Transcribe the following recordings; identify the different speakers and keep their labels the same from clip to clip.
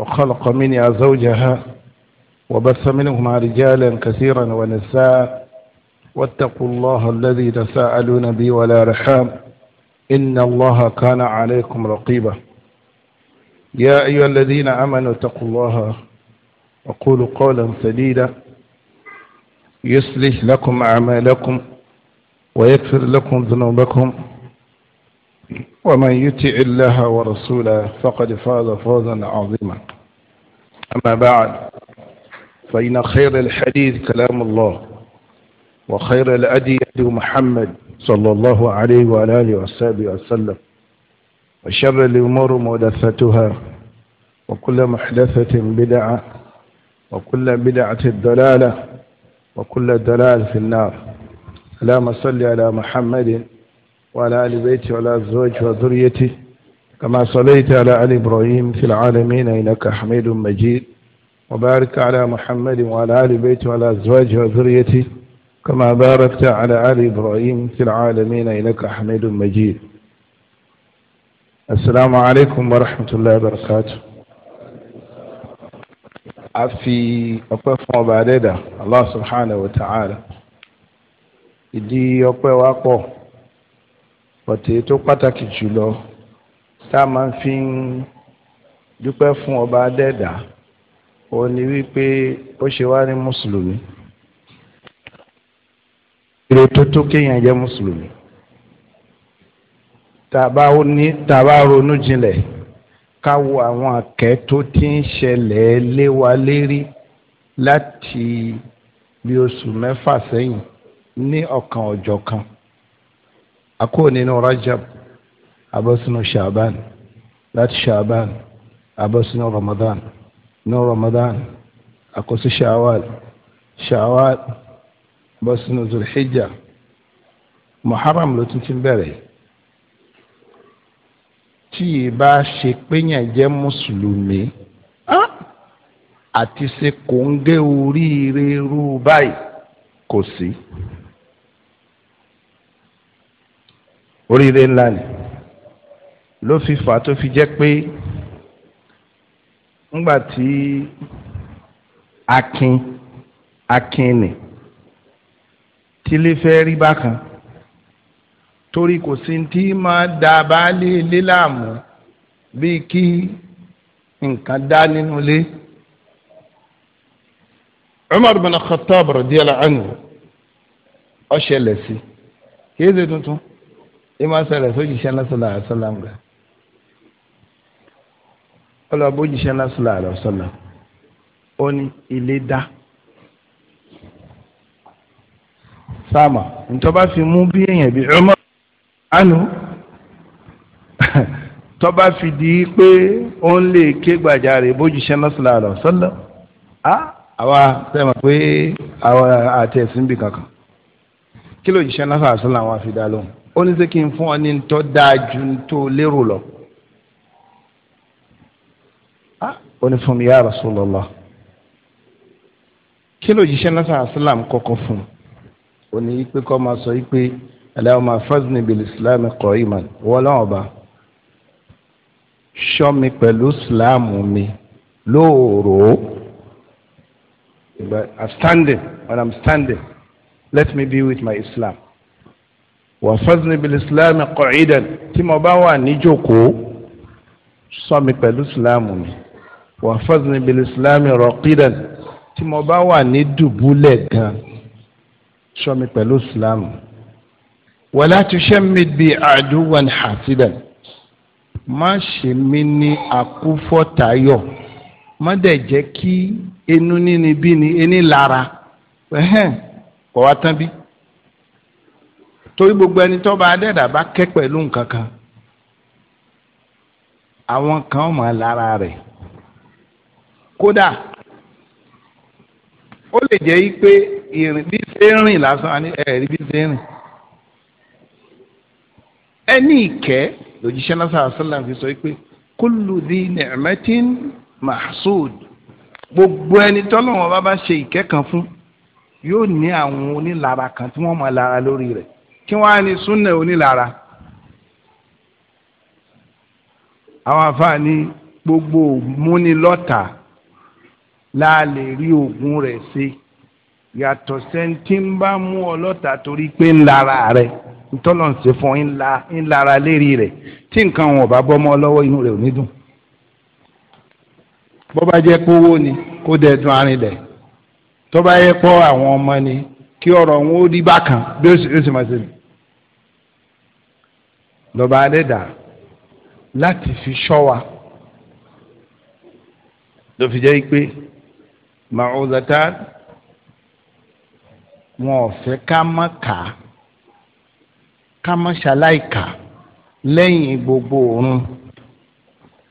Speaker 1: وخلق منها زوجها وبث منهما رجالا كثيرا ونساء واتقوا الله الذي تساءلون بي ولا رحام إن الله كان عليكم رقيبا يا أيها الذين آمنوا اتقوا الله وقولوا قولا سديدا يصلح لكم أعمالكم ويكفر لكم ذنوبكم ومن يتع الله ورسوله فقد فاز فوزا عظيما أما بعد فإن خير الحديث كلام الله وخير الأدي أدي محمد صلى الله عليه وعلى آله وصحبه وسلم وشر الأمور مدثتها وكل محدثة بدعة وكل بدعة الدلالة وكل ضلال في النار اللهم صل على محمد وعلى آل بيته وعلى أزواجه وذريته كما صليت على آل إبراهيم في العالمين إنك حميد مجيد وبارك على محمد وعلى آل بيته وعلى أزواجه وذريته كما باركت على آل إبراهيم في العالمين إنك حميد مجيد السلام عليكم ورحمة الله وبركاته afi أقف fún الله سبحانه وتعالى إدي أقف وأقف وتيتو قتك wa tá a máa fi ń dúpẹ́ fún ọba adẹ́ẹ̀dá ó ní wípé ó ṣe wá ní mùsùlùmí èrè tó tó kéèyàn jẹ́ mùsùlùmí tàbá ní tàbá ronú jinlẹ̀ ká wo àwọn àkẹ́ tó ti ń ṣẹlẹ̀ lé láti bí oṣù mẹ́fà sẹ́yìn ní ọ̀kan ọjọ́ kan a nínú Rajab abọ́sínú Shaban láti ṣaaban abọ́ sínú ramadan ní ramadan àkóso ṣaawal ṣaawal abọ́ sínú zulhijja muharram ló tún ti bẹ̀rẹ̀ tí ì bá ṣe péyàn jẹ́ mùsùlùmí àti ṣe kò ń gé oríire rú báyìí kò sí oríire ńlá ni ló fi fà tó fi jẹ́ pé ńgbà tí
Speaker 2: akin akin
Speaker 1: nì tílé fẹ́ rí bákan torí kò sí tí máa da baálé ilé láàmú bíi kí nǹkan dá nínú ilé. Umar bin Khattab radiyallahu anhu ó ṣẹlẹ̀ sí kí é ṣe tuntun ìmọ̀ ṣẹlẹ̀ sójì ṣẹlẹ̀ sọlá àṣọlá ń ọlọ́ọ̀bù òjíṣẹ́ náà sọ̀rọ̀ àlọ́ sọ̀rọ̀ ó ní ilé dá sáàmà ntọ́ba fi mú bí èèyàn bí ọmọ àánú tọ́ba fi di pé ó ń lè ké gbàjarè bójúṣe náà sọ̀rọ̀ àlọ́ sọ́lọ́ á àwa sẹ́wọ̀n pé àwa àti ẹ̀sìn bì kankan kí lójúṣe náà sọ̀rọ̀ àṣọ àfi dá lóhùn ó ní sẹ́ kí fún ọ ní ntọ́ dáa ju tó lérò lọ. ó ní fún mi ya Rasulullah kí ló jíṣẹ́ náà sàn islam kọ́kọ́ fún ó ní ipe kọ́ máa sọ ipe Allahumma fazni bil islam qa'iman wọ́n lọ́wọ́ bá mi pẹ̀lú islam mi lóòrò I'm standing when I'm standing let me be with my islam wà fazni bil islam qa'idan tí mo bá wà níjókòó ṣọ́ mi pẹ̀lú islam mi wàhafazini bilisilami rọqidan tí mo bá wà ní dùbúlẹ̀ gan ṣọ́ mi pẹ̀lú islam wàlá tuṣẹ́mi bi àdúwàn hasidan má ṣe mí ní àkúfọ́tayọ̀ má dẹ̀ jẹ́ kí inú níní bí ni ení lára ẹ̀hẹ́n kò tán bí torí gbogbo ẹni tó adẹ́dà bá kẹ́ pẹ̀lú nǹkan kan àwọn kan mọ̀ lára rẹ̀ kódà ó lè jẹ́ pé ìrìn bí ṣe ń rìn lásán ẹ̀rí bí ṣe ń rìn ẹni ìkẹ́ lòjíṣẹ́ náà sàásìlà fi sọ pé kúlù dhi ni'matin mahsud gbogbo ẹni tọ́lọ́wọ́n bá bá ṣe ìkẹ́ kan fún yóò ní àwọn onílara kan tí wọ́n máa lara lórí rẹ̀ kí wọ́n á ní súnà onílara. àwọn afáàní gbogbo múnilọ́ta la lè rí oògùn rẹ̀ ṣe yàtọ̀ sẹ́ńtì ń bá mú ọlọ́ta torí pé ń lara rẹ̀ ntọ́lọ́nsẹ̀ fún ńlá ńlára lérí rẹ̀ tí nǹkan wọn bá bọ́ mọ́ lọ́wọ́ inú rẹ̀ ò ní dùn bó bá jẹ́ pé owó ni kó dẹ̀ dùn arìnlẹ̀ tó bá yẹ pọ́ àwọn ọmọ ni kí ọ̀rọ̀ wọn ó rí bákan bí ó sì ó sì máa ṣe lọ́ba adẹ́dà láti fi ṣọ́ wa ló fi jẹ́ pé màúzàtán wọn ò fẹ́ ká má kà á ká má ṣaláìkà lẹ́yìn gbogbo òórùn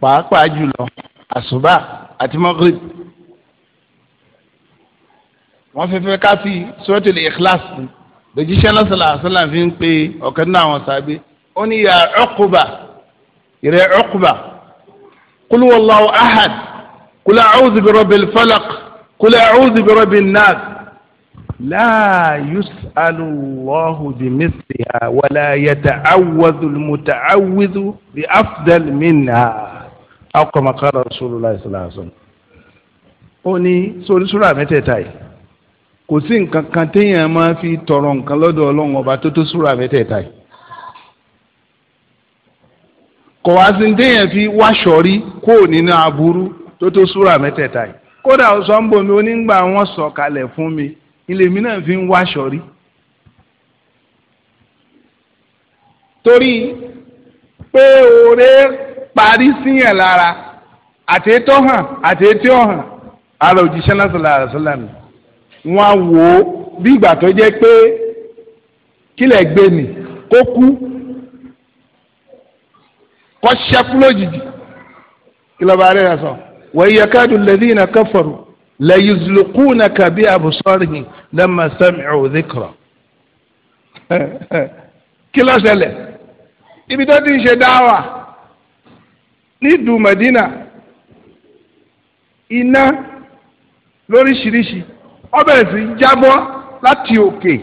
Speaker 1: pàápàá jùlọ àṣùbà àti mọ́gírì wọ́n fẹ́ fẹ́ ká fi suratul ikhlas lójíṣẹ́ náà sọ̀rọ̀ àṣàlà fi ń pe ọ̀kan náà àwọn sábẹ́ ó ní ya Uqba ìrẹ́ Uqba qul ahad qul a'udhu bi rabbil قل أعوذ برب الناس لا يسأل الله بمثلها ولا يتعوذ المتعوذ بأفضل منها أو كما قال رسول الله صلى الله عليه وسلم ó ní sórí súrà mẹ́tẹ̀ẹ̀ta yìí kò sí nǹkan kan téèyàn máa fi tọrọ nǹkan lọ́dọ̀ ọlọ́run ọba tó tó súrà mẹ́tẹ̀ẹ̀ta yìí kò wá sí téèyàn fi wáṣọ rí kó nínú aburú tó tó súrà mẹ́tẹ̀ẹ̀ta yìí kódà ọ̀sọ́ ń bomi onígbà wọn sọ̀ kalẹ̀ fún mi ilé mi náà fi ń wáṣọ rí. torí pé oore parí síyàn lára àtẹ́tọ́ hàn àtẹ́tọ́ hàn ara òjíṣẹ́ náà sọ̀rọ̀ àràsọ́là mi wọ́n wò ó bí ìgbà tó jẹ́ pé kílẹ̀ gbé ni kó kú kó ṣẹ́kú lójijì kí lọ́ba rẹ̀ sọ. وإن يكاد الذين كفروا ليزلقونك بأبصارهم لما سمعوا ذكرا kí ló ṣẹlẹ̀ ibi tó ti ń ṣe dáwà nídùú Madina iná lóríṣiríṣi ó bẹ̀rẹ̀ sí jábọ́ láti òkè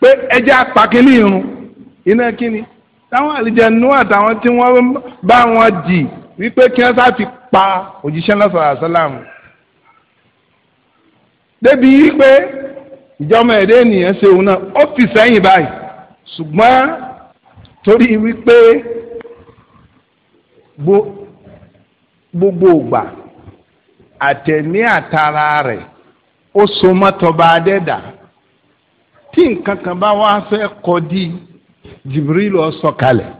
Speaker 1: pé ẹja pàkínní irun iná kíni táwọn àlìjẹnú àtàwọn tí wọ́n bá wọn dì wípé kí wọ́n sá ti pa òjíṣẹ́ náà sọ̀rọ̀ àṣálàmù débi wípé ìjọba ẹ̀dẹ́ ènìyàn ṣe òun náà ó fi sẹ́yìn báyìí ṣùgbọ́n torí wípé gbogbo ògbà àtẹ̀mí àtara rẹ̀ ó so mọ́tọ́ba adẹ́dà tí nǹkan kan bá wá fẹ́ kọ́ di Jibril ó sọ̀kalẹ̀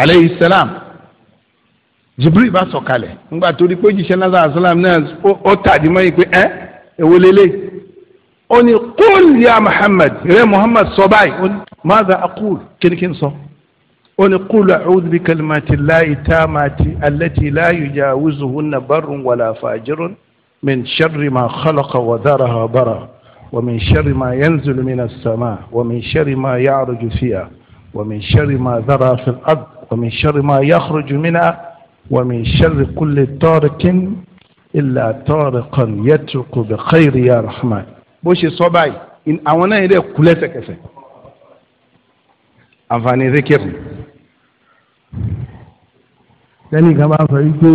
Speaker 1: aleyhi salam jibril bá sọ̀kalẹ̀ ńgbà torí pé jíṣẹ́ náà sàlám náà ó tàdí mọ́yì pé ẹ́ èwo lélẹ̀ ó ní kúl ya muhammad rẹ muhammad sọ báyìí ó ní maza akúl kínkín sọ ó ní kúl a'udhu bi kalimati llahi taamati allati la yujawizuhunna barrun wala fajirun min sharri ma khalaqa wa dharaha wa bara wa min sharri ma yanzilu minas sama wa min sharri ma ya'ruju fiha wa min sharri ma dhara fil ard wa min sharri ma yakhruju minha ومن شر كل طارق إلا طارقا يترك بخير يا رحمن bó ṣe sọ báyìí àwọn náà yẹn dẹ kú lẹ́sẹ̀kẹsẹ̀ àǹfààní zikiru lẹ́nu ìgbà máa ah, ń fẹ́ gbé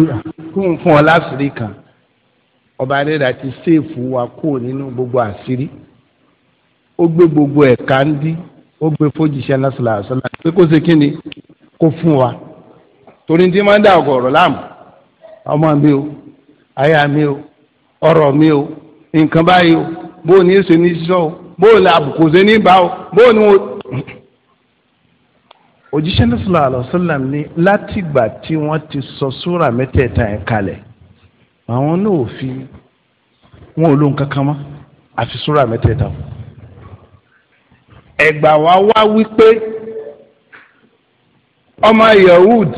Speaker 1: kún fún ọ láṣìírí kan ọba adéda ti ṣéèfù wa kú nínú gbogbo àṣírí ó gbé gbogbo ẹ̀ka ń dí ó gbé fojìṣẹ́ náà sọ̀rọ̀ àṣọ náà pé kó ṣe kí ni kó fún wa torí tí máa ń dà ọ̀gọ̀rọ̀ láàmú ọmọ mi o aya mi o ọ̀rọ̀ mi o nǹkan báyìí o bó o ní èso ní sísọ o bó o lè àbùkù ṣe ní ìbá o bó o ní o. òjíṣẹ́ ní sọ̀rọ̀ àlọ́sọ́làm ní látìgbà tí wọ́n ti sọ súrà mẹ́tẹ̀ẹ̀ta yẹn kalẹ̀ àwọn náà ò fi wọn ò lóhun kankan mọ́
Speaker 3: àfi súrà mẹ́tẹ̀ẹ̀ta o.
Speaker 1: ẹ̀gbà wa wá wípé ọmọ yahud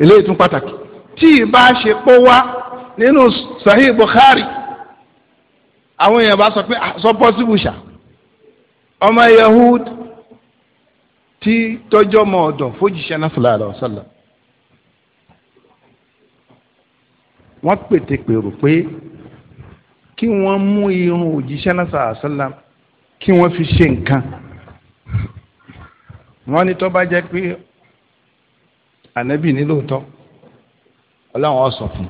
Speaker 1: eléyìí tún pàtàkì tí ìbá ṣe pó wá nínú Sahih Bukhari àwọn èèyàn bá sọ pé ah, sọ pọ́sibù ṣá ọmọ Yahud tí tọjọ́ mọ ọ̀dọ̀ fojìṣẹ́ náà fúlàlá ọ̀sálà wọ́n pètè pèrò pé kí wọ́n mú irun òjíṣẹ́ náà sàásálà kí wọ́n fi ṣe nǹkan wọ́n ní tó bá jẹ́ pé ànábì ní lóòótọ́ ọlọ́run ó sọ fún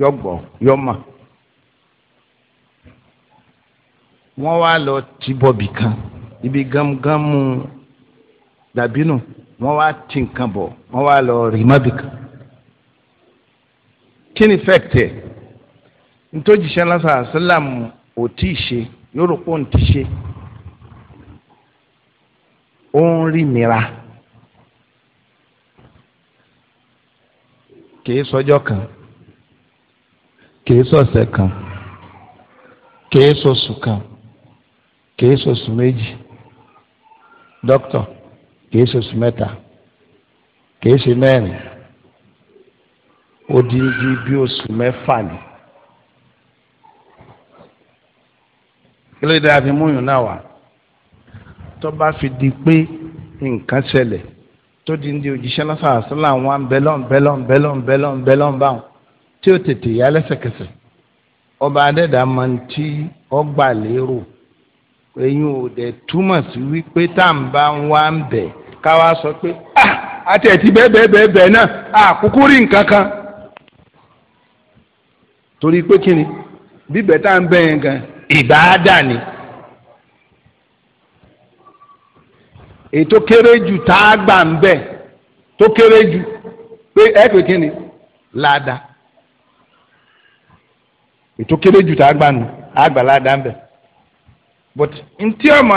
Speaker 1: yọ gbọ́ yọ mọ̀ wọ́n wá lọ tìbọ̀bì kan ibi gámgámú dàbínú wọ́n wá tì nǹkan bọ̀ wọ́n wá lọ rìmọ́bì kan kí ni fẹ́ẹ̀tì ẹ̀ ntòjìṣẹ́ lásán àṣìlámù ò tí ì ṣe yóò rò pé òun ti ṣe ó ń rí mìíràn. kìí sọjọ́ kan kìí sọ̀sẹ̀ kan kìí sọ̀sù kan kìí sọ̀sù méjì
Speaker 4: dókítọ̀ kìí sọ̀sù mẹ́ta kìí ṣe mẹ́rin
Speaker 1: odindi bí oṣù mẹ́fà ni. kí ló dé àfi múyùn náà wá tó bá fi di pé nǹkan ṣẹlẹ̀ tó di ń di òjíṣẹ́ lọ́sàn àṣìlá wọn bẹ́lọ́n bẹ́lọ́n bẹ́lọ́n bẹ́lọ́n bẹ́lọ́n báwọn tí ó tètè yá lẹ́sẹ̀kẹsẹ̀ ọba adẹ́dà máa ń tí ọgbà lérò ẹ̀yin ò dẹ̀ túmọ̀ sí wípé tá à ń bá wa ń bẹ̀ ká wá sọ pé àti ah, ẹ̀tí bẹ́ẹ̀ bẹ́ẹ̀ bẹ́ẹ̀ bẹ́ẹ̀ náà àkókò rí nǹkan kan torí pé kí bíbẹ̀ tá à ń bẹ̀ yẹn gan ìbáadà ni. èyí tó kéré jù tá a gbà ń bẹ̀ tó kéré jù pé ẹ pé kí ni láàdá èyí tó kéré jù tá a gbà nù a gbà ń bẹ̀ but ntí ọmọ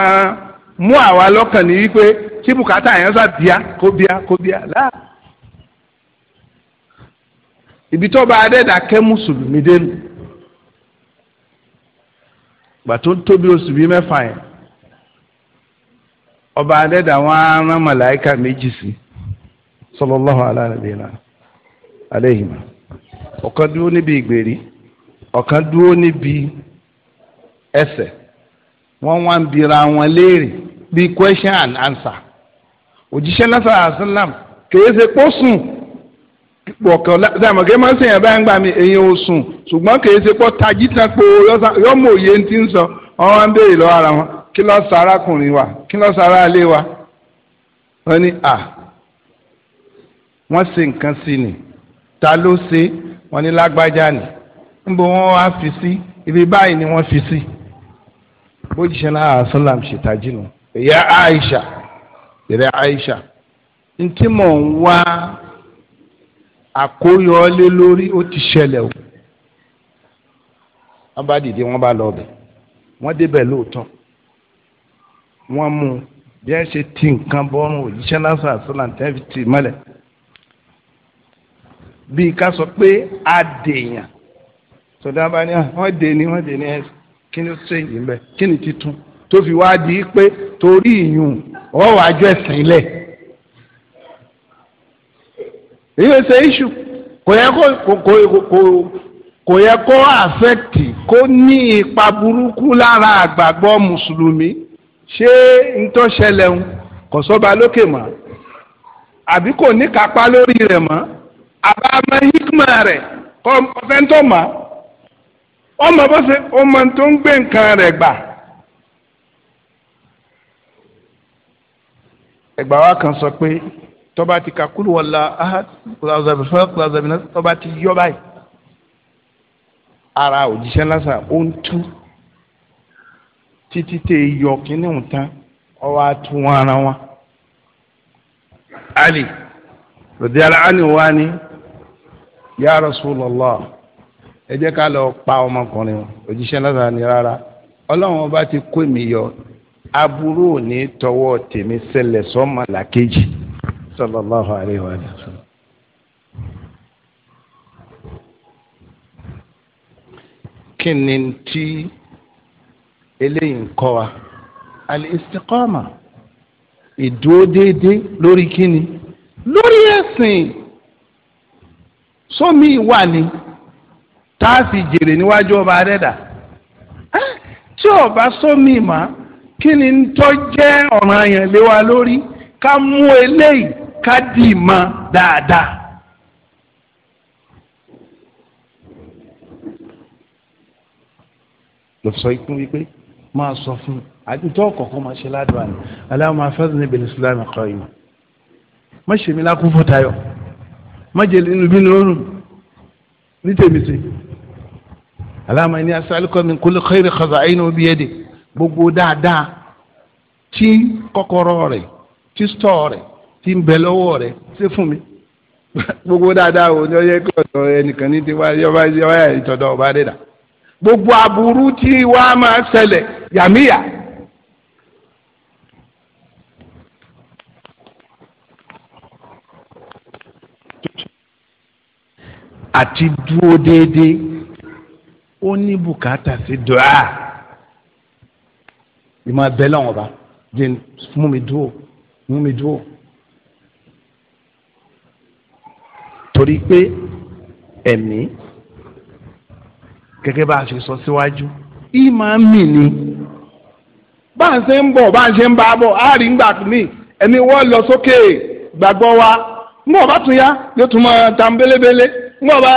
Speaker 1: mú àwa lọ́kàn ní wípé tí bùkátà yẹn sá bíá kó bíá kó bíá láà ibi tó bá adẹ́dà kẹ́ mùsùlùmí dénú gbà tó tóbi oṣù bíi mẹ́fà yẹn. ọba adada wọn á rán màláìka méjì sí sallallahu ala wa alayhi dúró níbi ìgbèrí dúró níbi wá ń bira wọn léèrè bíi question and answer òjíṣẹ́ lásán àṣàlám kìí ṣe pọ́ sùn pọ̀kàn dàmọ̀ kí máa ń sèyàn báyìí ń gbà mí èyàn ò sùn ṣùgbọ́n kìí ṣe pọ́ tají tán pé òye sọ ara wọn kí ló sọ arákùnrin wa kí ló sọ aráalé wa wọ́n ní à wọ́n ṣe nǹkan sí ni ta ló ṣe wọ́n ní lágbájá ni níbo wọ́n wá fi sí ibi báyìí ni wọ́n fi sí bójúṣe náà àṣọlám ṣètàjì nù ìyá Aisha ìrẹ Aisha ntí mò ń wá àkóyọlé lórí ó ti ṣẹlẹ̀ o wọ́n bá dìde wọ́n bá lọ bẹ̀ wọ́n débẹ̀ lóòótọ́ wọ́n mú bí ẹ ṣe ti nǹkan bọ́rùn òjíṣẹ́ lásán àsọ̀làǹtẹ́ fi tì mọ́lẹ̀ bíi ká sọ pé a dèèyàn sọdá bá ní ah, wọ́n dè ní wọ́n dè ní ẹ̀sìn kí ni ó ṣe yìí mbẹ kí ni titun tó fi wá di pé torí ìyún ọ̀ wá jọ ẹ̀sìn lẹ̀ èyí ò ṣe iṣu kò yẹ kó kò kò kò yẹ kó àfẹ́tì kó ní ipa burúkú lára àgbàgbọ́ mùsùlùmí ṣé ntọ́ ṣẹlẹ̀ ń kò sọ́ba lókè mọ́ àbí kò ní kápá lórí rẹ̀ mọ́ àbá mọ hikma rẹ̀ kọ́ ọ̀fẹ́ ntọ́ mọ́ ọmọ bó ṣe ọmọ tó ń gbé nǹkan rẹ̀ gbà. ẹgbà wa kan sọ pé tọ́ba ti kakulu wala ahad kulazabi fẹ́ kulazabi náà tọ́ba ti yọ báyìí ara òjíṣẹ́ lásán ó ń tú. títí tẹ yọ kínní ń tán ọwọ́ wọn ara wọn. ali rọ̀dí aláàánú ni ya Rasulullah ẹ jẹ́ ká lọ pa ọmọkùnrin wọn òjíṣẹ́ ni rárá ọba ti kó èmi yọ aburú ò ní tèmi ṣẹlẹ̀ eléyìí ń kọ́ wa al-istiqama ìdúró déédéé lórí kíni lórí ẹ̀sìn sómi ìwà ni tá a fi jèrè níwájú ọba adẹ́dà tí ọba sómi ìmọ̀ kí ni tó jẹ́ ọ̀ràn àyàn lé wa lórí ká mú eléyìí ká dì mọ́ dáadáa. lọ sọ ikú wípé máa sọ fún àtúntò ọ̀kọ̀ọ̀kan máa ṣe ládùúgbò àná aláwọ̀ afẹ́sẹ̀ níbi ìsìlámù kọ́ ìmọ̀ má ṣe mi lákún fún tayọ má jẹ nínú bí lóorùn ní tèmi sí aláwọ̀ ẹni asálùkọ́ mi kúlẹ̀ kẹ́rì kọ́sà ẹ̀yìn òbí ẹ̀dẹ̀ gbogbo dáadáa tí kọ́kọ́rọ́ rẹ̀ tí stọ́ọ̀ rẹ̀ tí ń bẹ lọ́wọ́ rẹ̀ ṣé fún mi gbogbo dáadáa wo ni ọ yẹ kí ọ̀dọ̀ ẹnìkan ní ti wá yọ gbogbo aburú tí wàá máa ṣẹlẹ̀ yàmíyà. àti dúró déédéé ó ní bùkátà sí dùá ìmọ̀ ẹ̀bẹ̀ lọ́wọ́ bá jẹ́ mú mi dúró mú mi dúró torí pé ẹ̀mí gẹ́gẹ́ bá a ṣe sọ síwájú ìmọ̀ mi ni bá a ṣe ń bọ̀ bá a ṣe ń bá a bọ̀ a rí ń gbà mí ẹni wọ́n lọ sókè gbàgbọ́ wa ń bọ̀ bá tún yá yóò tún mọ̀ tàn bélébélé ń bọ̀ bá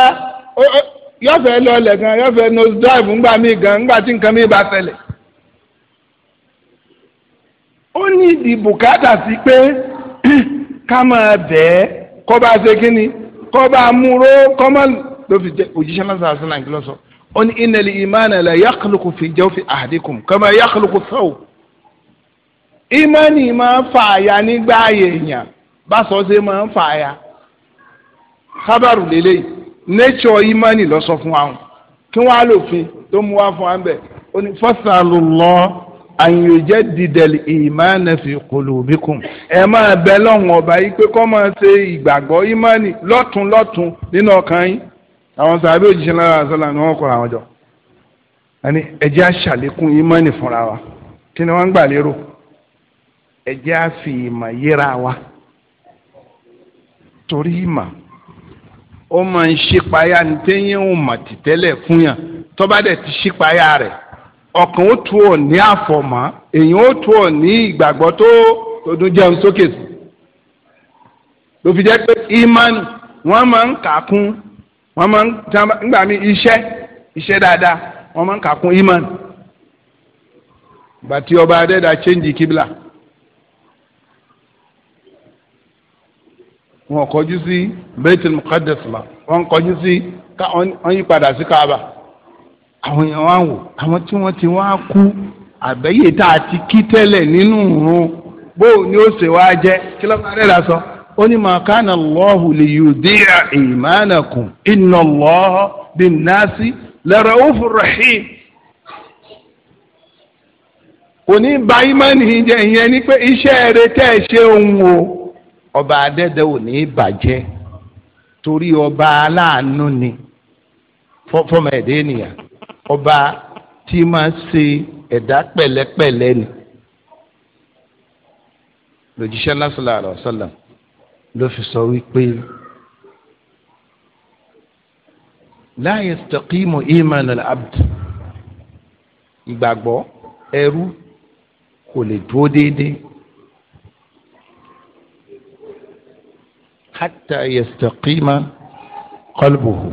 Speaker 1: yóò fẹ́ lọ lẹ̀ gan yóò fẹ́ nose drive ńgbà mí gan ńgbà tí nǹkan mi bá ṣẹlẹ̀ ó ní ìdí bùkátà sí pé ká máa bẹ́ẹ̀ kọ́ bá ṣe kí ni kọ́ bá múró kọ́ máa ló fi jẹ́ òjíṣẹ́ náà sàásì náà kí ló ó ní inna al-imana la yakhluqu fi jawfi ahadikum kama yakhluqu thawb ìmánì máa ń fa àyà nígbà èèyàn báṣọ ṣe máa ń fa àyà kábàrù lélẹ̀ nature ìmánì lọ sọ fún àwọn kí wọ́n á lòfin tó mú wá fún wa bẹ́ẹ̀ ó ní fasalullah an yujaddida al-imana fi qulubikum ẹ máa bẹ lọ́wọ́n ọba yìí pé kọ́ máa ṣe ìgbàgbọ́ ìmánì lọ́tún lọ́tún nínú ọkàn yín. àwọn sàbẹ̀ òjíṣẹ́ lára àṣọlá ni wọ́n kọ́ra àwọn jọ ẹni ẹ̀jẹ̀ àṣàlékún ìmọ̀ọ́nì fúnra wa kí ni ń gbà lérò ẹ̀jẹ̀ àfi ìmọ̀ yíra wa torí ìmọ̀ ó máa ń ṣípayá ní téyín ò mà tìtẹ́lẹ̀ fún yàn tó bá dẹ̀ ti ṣípayá rẹ̀ ọkàn ó tu ọ̀ ní àfọ̀mọ́ èyàn ó tu ọ̀ ní ìgbàgbọ́ tó tó jẹun sókè fi jẹ́ pé wọ́n máa ń wọ́n máa ń gbà mí iṣẹ́ iṣẹ́ dáadáa wọ́n máa ń kà iman bàtí ọba adẹ́dà chẹ́ǹjì kíbla wọ́n kọjú sí baitul muqaddas la wọ́n kọjú sí ká wọ́n yí padà sí kaaba àwọn èèyàn wá wò àwọn tí wọ́n ti wá kú àbẹ́yẹ tá a ti kí tẹ́lẹ̀ nínú òun bóun ni ó ṣe wá jẹ́ kí lọ́ba adẹ́dà sọ. So. ó ní ma kana Allahu li yudi'a imanakum inna Allaha bin-nasi la raufur rahim. kò ní ba ìmánì jẹ́ ìyẹn ni pé iṣẹ́ rẹ tẹ́ ẹ ṣe òun o ọba adẹ́dẹ́ ò ní bàjẹ́ torí ọba aláàánú ni fọmọ ẹ̀dá ènìyàn ọba tí máa ṣe ẹ̀dá pẹ̀lẹ́pẹ̀lẹ́ ni lójúṣẹ́ lásìlá àlọ́ sọ́làmù. ló fi sọ wípé la yastaqimu iman al-abd ìgbàgbọ́ ẹrú kò lè dúró déédéé. hatta yastaqima qalbuhu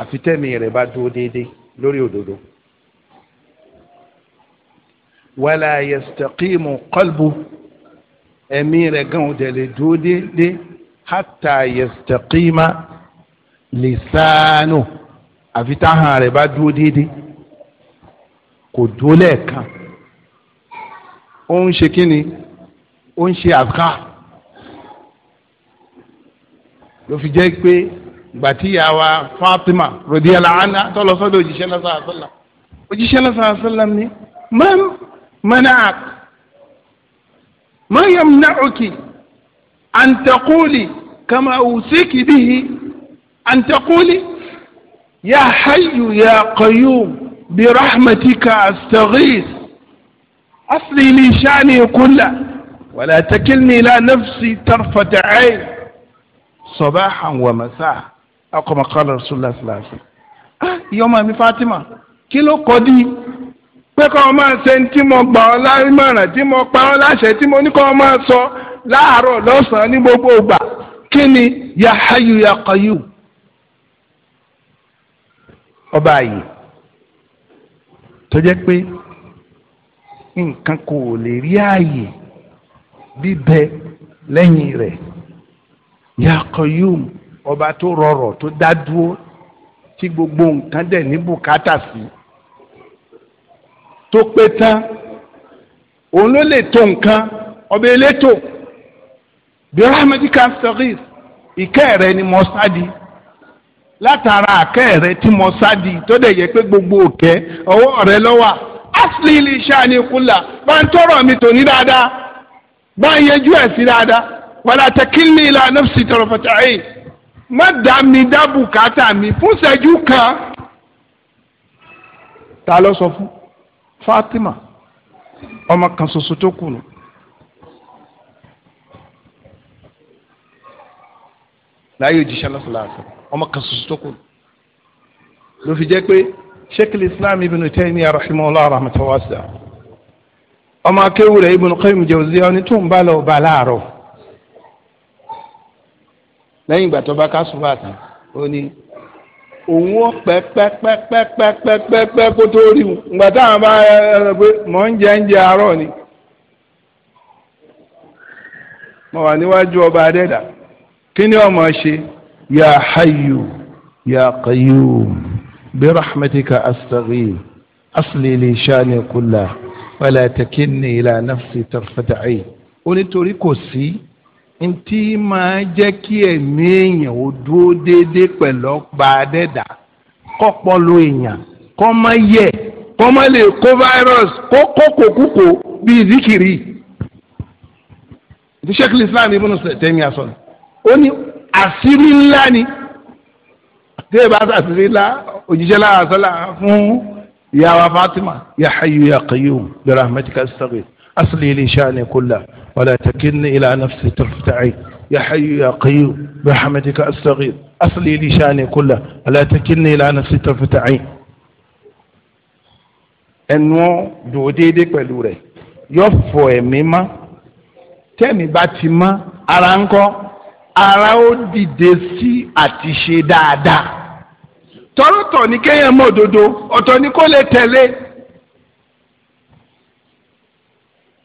Speaker 1: àfi tẹ́mi rẹ̀ bá dúró déédéé lórí wala yastaqimu qalbuhu ẹ̀mí rẹ̀ gan ò dẹ̀ lè dúró déédéé hátà yẹ̀sítẹ̀kìmá lisanu àfi táhàn rẹ̀ bá dúró déédéé kò dúró lẹ́ẹ̀kan ó ń ṣe kíni ó ń ṣe àká ló fi jẹ́ pé gbàtíyà Fatima rodiala ana tọ́lọ́sọ́dọ̀ òjíṣẹ́ lọ́sàásọ́lá òjíṣẹ́ lọ́sàásọ́lá ni mẹ́m mẹ́nàkì. ما يمنعك أن تقولي كما أوصيك به أن تقولي يا حي يا قيوم برحمتك أستغيث أصلي لي شأني كله ولا تكلني لا نفسي طرفة عين صباحا ومساء أقوم قال رسول الله صلى الله عليه وسلم آه، يوم أمي فاطمة كيلو قدي pé kọ́ ọ máa ṣe tí mo gbà ọ lámọ̀ràn tí mo pa ọ láṣẹ tí mo ní kọ́ ọ máa sọ láàárọ̀ lọ́sàn-án ní gbogbo ìgbà kí ni ya hayu ya qayu ọba yìí tó jẹ́ pé nǹkan kò lè rí ààyè bíbẹ lẹ́yìn rẹ̀ ya qayu ọba tó rọrọ̀ tó dá dúró tí gbogbo nǹkan dẹ̀ ní bùkátà sí. Si tó pé tán òun ló lè tó nǹkan ọba elétò bírámẹ́díkà sọ́rìs ìkẹ́ rẹ ni mo sádi látara àkẹ́ rẹ tí mo sádi tó dẹ̀ yẹ pé gbogbo òkè ọwọ́ rẹ lọ́wọ́ asli ilé iṣẹ́ àníkúlà bá ń tọrọ mi tò ní dáadáa bá ń yẹjú ẹ̀ sí dáadáa wàlá tẹkínlẹ̀ ìlànà sí tọrọfọ̀tà ẹ̀ má dá mi dá bùkátà mi fún ìṣẹ́jú kan ta ló sọ fún. Fatima ọmọ kan ṣoṣo tó kù nù. láyé òjíṣẹ́ lọ́sọ̀lọ́sọ̀ ọmọ kan ṣoṣo tó kù nù. ló fi jẹ́ pé sheikh islam ibn Taymiyyah rahimahullah rahmatan wasi'a ọmọ akéwù rẹ̀ ibn Qayyim Jawziyya ni tó ń bá lọ bá láàárọ̀ lẹ́yìn ìgbà tó bá ká sùn bá tán ó ní òun ó pẹ́ pẹ́ pẹ́ pẹ́ pẹ́ pẹ́ pẹ́ pẹ́ kó tó rí wọn ìgbà táwọn bá rẹ pé mọ̀ ń jẹ ń jẹ àárọ̀ ni mo wà níwájú ọba adẹ́dà kí ni ọmọ ṣe ya hayyu ya qayyum bi rahmatika astaghith asli li shani kullahu wala takilni ila nafsi tarfata ayn kò sí ntí máa jẹ́ kí ẹ̀mí èèyàn ò dúró déédéé pẹ̀lú ọgbà adẹ́dà kọ́pọ̀lọ èèyàn kọ́ má yẹ kọ́ má lè kó virus kó kókòkókò bíi zikiri. ìdíṣẹ́kìlì islam ibùn tẹ̀mí àsọ̀nù ó ní àṣírí ńlá ni tí ẹ bá àṣírí ńlá òjíṣẹ́ láàṣọ́lá fún ìyá wa Fatima ya hayyu ya qayyum bi rahmatika astaghith asli li shani ولا تكلني إلى نفسي طرفة عين يا حي يا قيوم برحمتك أستغيث أصلي لي شأني كله ولا تكلني إلى نفسي طرفة عين ẹnu dùn déédéé pẹ̀lú rẹ̀ yọ fọ ẹ̀mí má tẹ́mi bá ti má ara ń kọ́ ara ó dìde sí àti ṣe dáadáa tọ́lọ́tọ̀ ní kéèyàn mọ̀ òdodo ọ̀tọ̀ ni kó lè tẹ̀lé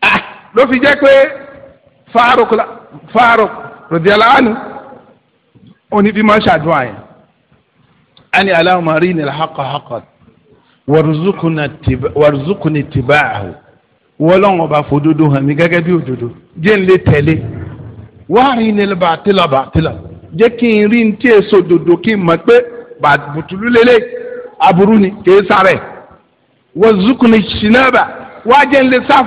Speaker 1: ah, ló fi jẹ́ pé Faruk Faruk radiyallahu anhu òní bí máa ń ṣàdúrà yẹn ani Allahumma arini al-haqqa haqqan warzuqni ittiba'ahu wọ́lọ́wọ́n bá fòdodo hàn mí gẹ́gẹ́ bí òdodo jẹ́ ń lé tẹ̀lé wáàrin ní bàtìlà bàtìlà jẹ́ kí n rí ní tí èso òdodo kí n mọ̀ pé bùtùlù lélẹ̀ aburú ni kì í sáré wọ́n zukùn ní sinaba wá jẹ́ ń lé sá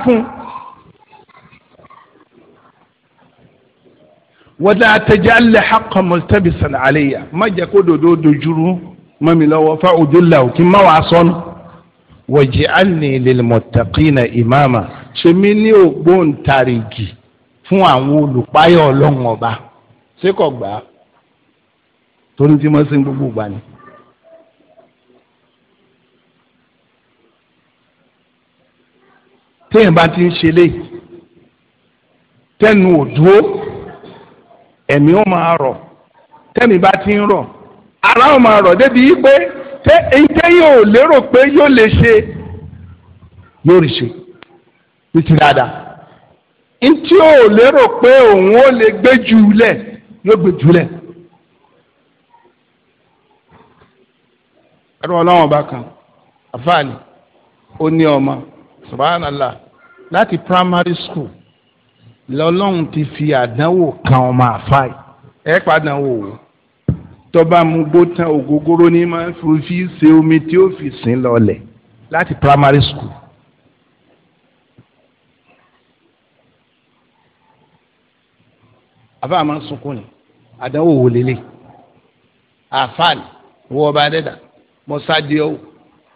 Speaker 1: wala taj'al haqqa multabisan alayya má jẹ́ kó dòdò dojúrú mọ́ mi lọ́wọ́ fa udillahu kí n má wàá sọnù waj'alni lilmuttaqina imama ṣe mí ní ògbóǹtarìgì fún àwọn olùpáyọ̀ ọlọ́run ọba torí tí mo sin gbogbo gbà ni. téèyàn bá ti ń ṣe léyìí tẹnu ò ẹ̀mí ó máa rọ̀ tẹ́mi bá ti ń rọ̀ ara ó máa rọ̀ débi pé tẹ́ èyí tẹ́yìn ò lérò pé yóò lè ṣe yóò rí ṣe ní ti dáadáa ntí ò lérò pé òun ó lè gbé jù lẹ̀ yóò gbé jù lẹ̀. ẹ̀rọ ọlọ́wọ́n bá kan àfáàní ó ní ọmọ subhanallah láti primary school lọ́lọ́run ti fi àdánwò kan ọmọ àfáì ẹ padàn wò ó tọ́ba mugbó tán ògógóró ní máa ń fi ṣe omi tí ó fi sìn lọlẹ̀ láti primary school. àfa máa ń sunkún ni àdánwò wò lélẹ̀ àfa ni wọ́n bá dẹ́dà mọ́sáájú ọ̀hún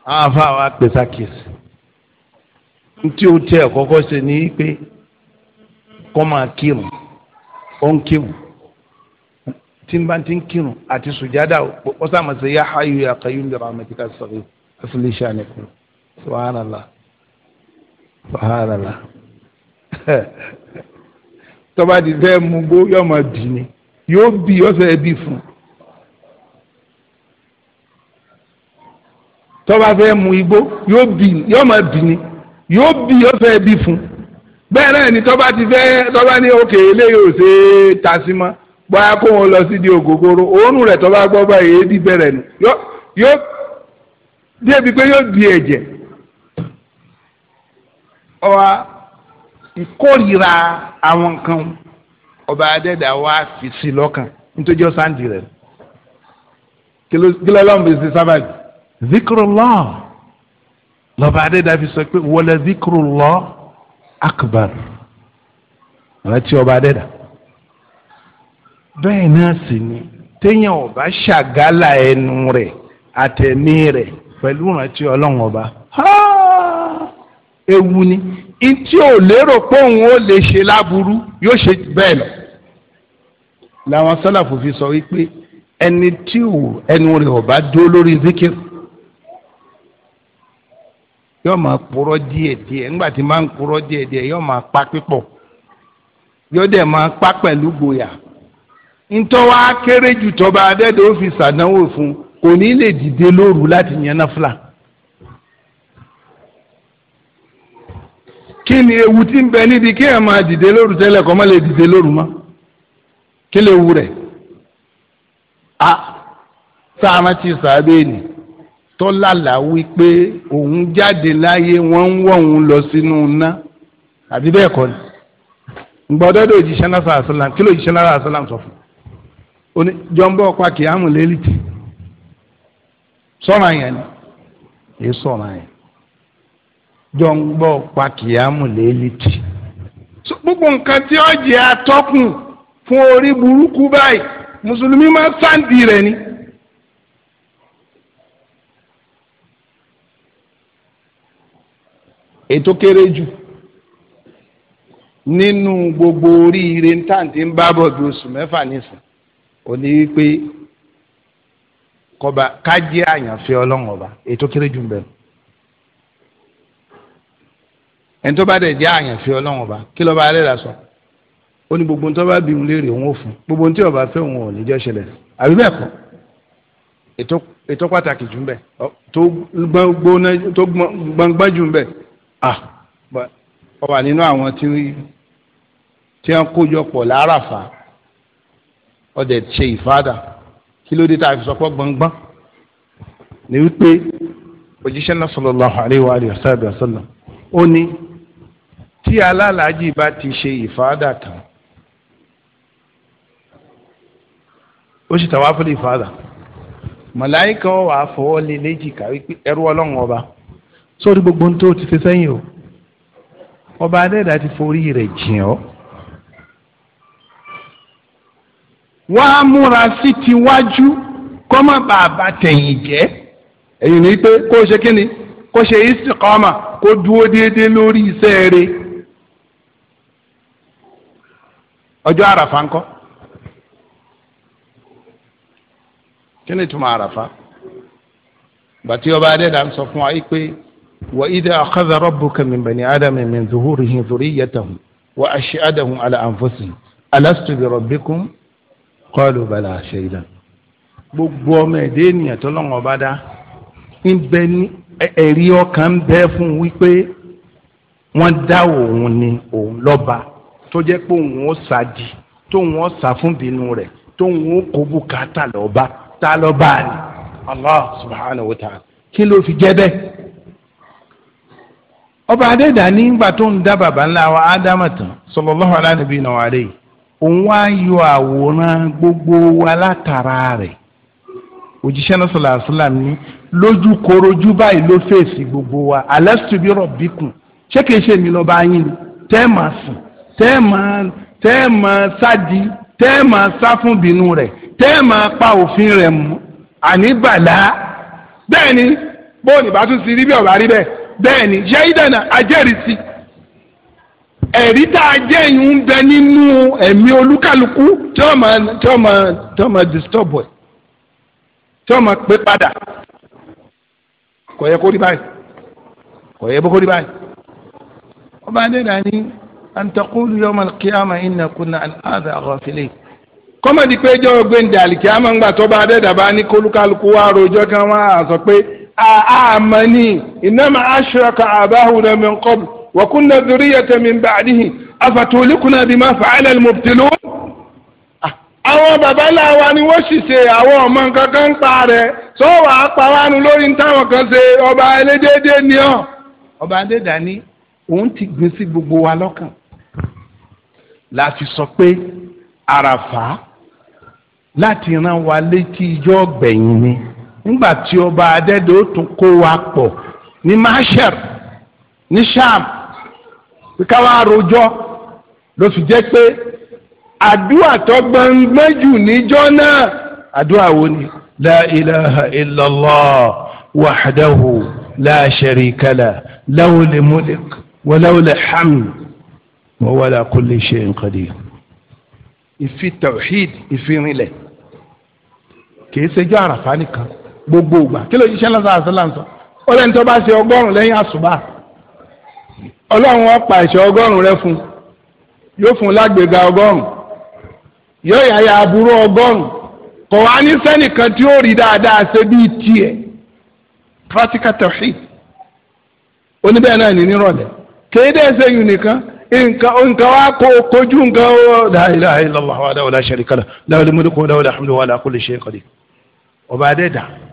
Speaker 1: àwọn àfa wa pèsè àkíyèsí. ntí o tẹ ẹ̀ kọ́kọ́ ṣe ni pé kọ́ máa kírun ó ń kírun tí n bá ti ń kírun àti sùjádà ó sàmà sí yá hayyu yá qayyum bi rahmatika sọ̀rọ̀ afúlé sànni kù subhanallah subhanallah tọ́ba ti fẹ́ mú gbó yóò máa bì ní yóò bì yóò fẹ́ bì fún un. tọ́ba fẹ́ mu igbó yóò bì yóò máa bì ní yóò bì yóò fẹ́ bì fún bẹ́ẹ̀ ni tọ́ba ti fẹ́ tọ́ba ní òkè eléyìí ò ṣe é ta sí mọ́ bóyá kó wọn lọ sí di ògógóró òórùn rẹ̀ tọ́ba gbọ́ báyìí èédì bẹ̀rẹ̀ nù yóò débi pé yóò di ẹ̀jẹ̀ ọwa ìkórìíra àwọn kan ọba adẹ́dà wa fi sí lọ́kàn nítorí ọ̀sán àǹdí rẹ̀ kí ló lọ́n bèsè sábàbí zikrullah lọ́ba adẹ́dà fi sọ pé wọlé zikrullah akbar rántí ọba adẹ́dà bẹ́ẹ̀ náà sì ni téèyàn ọba ṣàgálà ẹnu rẹ̀ àtẹ̀mí rẹ̀ pẹ̀lú rántí ọlọ́run ọba ewu ni ntí ò lérò pé òun ó lè ṣe láburú yóò ṣe bẹ́ẹ̀ lọ làwọn sálàfò fi sọ wípé ẹni tí ẹnu rẹ̀ ọba dúró lórí zikir yóò máa purọ́ díẹ̀ díẹ̀ ńgbà tí máa ń purọ́ díẹ̀ díẹ̀ yóò máa pa pípọ̀ yóò máa pa pẹ̀lú gboyà ntọ́wá kéré jù tọ́ba adẹ́dẹ́ ó fi sàdánwò fún kò ní lè dìde lóru láti yan náfìlà. kí ni ewu ti ń bẹ níbi kí ẹ máa dìde lóru tẹ́lẹ̀ kọ́ má lè dìde lóru mọ́ kí lè wu rẹ̀ a sáà tó lálàá wípé òun jáde láyé wọ́n ń wọ́ òun lọ sínú iná àbí bẹ́ẹ̀ kọ́ ni gbọ́dọ̀ dé òjíṣẹ́ náà sàlám kí ló òjíṣẹ́ náà sàlám sọ fún un jọ́nbọ́ pa kìámù lélìtì sọ̀rọ̀ àyàn ni èyí sọ̀rọ̀ àyàn jọ́nbọ́ pa kìámù lélìtì gbogbo nǹkan tí ó atọ́kùn fún orí burúkú báyìí mùsùlùmí máa ń sáǹdì rẹ̀ ni. ètò kéré jù nínú gbogbo oríire ntàǹtì ń bá bọ̀ bí oṣù mẹ́fà nísìn òní wípé kọba kájí àyànfẹ́ ọlọ́run ọba ètò kéré jù ń ẹni tó bá dẹ̀ jẹ́ àyànfẹ́ ọlọ́run ọba kí lọ́ba alẹ́ la sọ ó ní gbogbo ntọ́ bá bí òun léèrè òun ò fún gbogbo ntí ọba fẹ́ òun ò ní jẹ́ ṣẹlẹ̀ àbí bẹ́ẹ̀ kọ́ ètò pàtàkì jù ń tó gbọ́ngbọ́n jù ń ah ọ wà nínú àwọn tí tí wọ́n kójọ pọ̀ láràfà ọdẹ ṣe ìfádà kí ló dé tá a fi sọpọ gbọngbọn ní wípé òjíṣẹ́ náà sallallahu alaihi wa alihi wasallam ó ní tí alálàájì bá ti ṣe ìfádà tán ó sì tàwáfúlì ìfádà màláìkà wà fọwọ́ lé léjìká wípé ẹrú ọlọ́run ọba sórí gbogbo ohun tó ti ṣe sẹ́yìn o ọba adẹ́dà ti forí rẹ̀ jìn ọ́. wá múra sí tiwájú kọ́mọ bàbá tẹ̀yìn jẹ́ ẹ̀yìn ni pé kó o ṣe kí ni kó o ṣe istiqama kó dúró déédéé lórí iṣẹ́ rẹ̀ ọjọ́ àràfà ńkọ́ kí ni ìtumọ̀ àràfà gbàtí ọba adẹ́dà ń sọ fún wa yìí pé. وإذا أخذ ربك من بني آدم من ظهورهم ذريتهم وأشهدهم على أنفسهم ألست بربكم قالوا بلى شهيدا gbogbo ọmọ ẹdẹ ènìyàn tó lọ́wọ́ bá dá ń bẹ ní ẹ̀rí ọkàn ń bẹ fún wípé wọ́n dá òun ni òun lọ́ba tó jẹ́ pé òun ó sá di tóun ó sá fún bínú rẹ̀ tóun ó kó bùkátà lọ́ba tá lọ́ba ni
Speaker 3: Allah subhanahu wa ta'ala
Speaker 1: kí ló fi jẹ́ bẹ́ẹ̀ ọba adéda ní ìgbà tó ń dá bàbá ńlá wa ádámà tán sallallahu ala nabiyina wa alayhi òun wá yọ àwòrán gbogbo wa látara rẹ̀ òjíṣẹ́ náà sallallahu alaihi wasallam ní lójú korojú báyìí ló fèsì gbogbo wa alastu bi rabbikum ṣé kìí ṣe mi lọ́ba yín ni tẹ́ ẹ̀ máa sùn tẹ́ máa tẹ́ máa sádi tẹ́ máa sá fún bínú rẹ̀ tẹ́ máa pa òfin rẹ̀ mú àní bàlá bẹ́ẹ̀ ni bóun ìbá rí bí ọ̀bá rí bẹ́ẹ̀ bẹ́ẹ̀ ni ṣẹ́yìndàna ajẹ́rìsí ẹ̀rí tá a jẹ́ ìhun bẹ nínú ẹ̀mí olúkálukú tí wọ́n máa tí wọ́n máa tí wọ́n máa disturb ẹ̀ tí wọ́n máa pé padà kò yẹ kó rí báyìí kò yẹ kó rí báyìí ọba adéda ni antakulu yọmọ kíámà iná kuna aláàdá àgọ́fìlẹ̀ kọ́mọ̀dé pé ẹjọ́ gbẹ̀ǹdà àlìkíámà ń gbà tó bá adéda bá ní kólúkálukú wá rojọ́ kan wá sọ pé. أعمني إنما أشرك آباؤنا من قبل وكنا ذرية من بعده أفتولكنا بما فعل المبتلون ah. àwọn bàbá ńlá wa ni wọ́n sì ṣe àwọn ọmọ kankan ń pa rẹ̀ sọ́wọ́ apáwánu lórí táwọn kan ṣe ọba elédéédé ni ọ́. ọba adéda ni òun ti gbin sí gbogbo wa lọ́kàn láti sọ pé àràfà láti rán wa létí ijó ọ̀gbẹ̀yìn ni ńgbà tí ọba adẹ́dẹ́ ó tún kó wa pọ̀ ní masher ní sham ká wá rojọ́ ló fi jẹ́ pé àdúrà tó gbọ̀ngbọ́n jù níjọ́ náà àdúrà wo ni la ilaha illallah wahdahu la sharika la lawul mulk wa lawul hamd wa wala kulli shay'in qadir ìfi kì í ṣe àràfà nìkan gbogbo ìgbà kí ló ṣiṣẹ́ lọ́sàn àṣàlàǹsọ ó lẹ́ni tó bá ṣe ọgọ́rùn lẹ́yìn àṣùbà ọlọ́run ó pa ẹ̀ṣẹ̀ ọgọ́rùn rẹ fún yóò fún lágbègbà ọgọ́rùn yóò yàyà àbúrò ọgọ́rùn kò wá ní sẹ́nìkan tí ó rí dáadáa ṣe bíi tiẹ̀ practical tawhid oníbẹ̀ náà ní nírọ̀lẹ́ kéde ẹsẹ̀ yìí nìkan nǹkan nǹkan wa kó kojú nǹkan ó la ilaha illallah wa la sharika lahu lahul mulku wa lahul hamdu wa ala kulli shay'in qadir ọba adẹ́dàá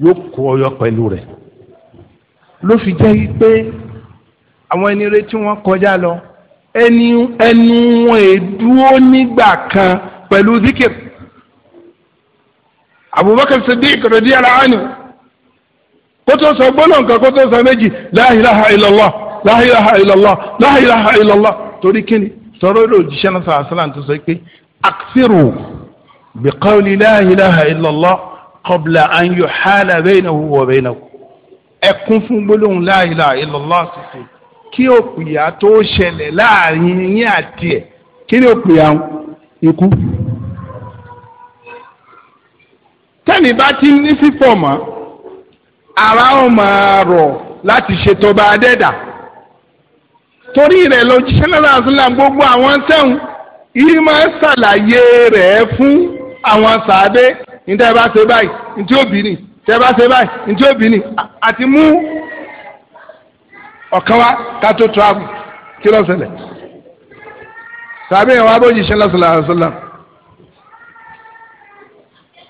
Speaker 1: yóò kó ọyọ pẹ̀lú rẹ̀ ló fi jẹ́ pé àwọn ẹni rẹ tí wọ́n kọjá lọ ẹni ẹnu wọn èdúró nígbà kan pẹ̀lú zikir Abubakar Siddiq radiyallahu anhu kótó sọ gbọ́nà nǹkan kótó sọ méjì la ilaha illallah la ilaha illallah la ilaha illallah torí kíni sọ̀rọ̀ ló jíṣẹ́ náà sàásàlà tó sọ pé akthiru bi qawli la ilaha قبل أن yuhala بينه wa bainahu ẹkún fún gbólóhùn la ilaha illallah àṣìṣe kí òpìyà tó ṣẹlẹ̀ láàrin yín àti ẹ̀ kí ni òpìyà ikú. tẹ́mi bá ti ní fífọ̀ mọ́ ara ó máa rọ̀ láti ṣètò bá a dẹ́dà torí rẹ̀ ló jíṣẹ́ náà àṣìlá gbogbo àwọn sẹ́hùn yìí máa ń ṣàlàyé rẹ̀ fún àwọn sàádé níta ẹ bá ṣe báyìí ntí ó bì ní tẹ bá ṣe báyìí ntí ó bì ní àti mú ọ̀kan wá ká tó travel kí ló ṣẹlẹ̀ sàbẹ̀yìn wa bójì ṣẹlẹ̀ ṣọlá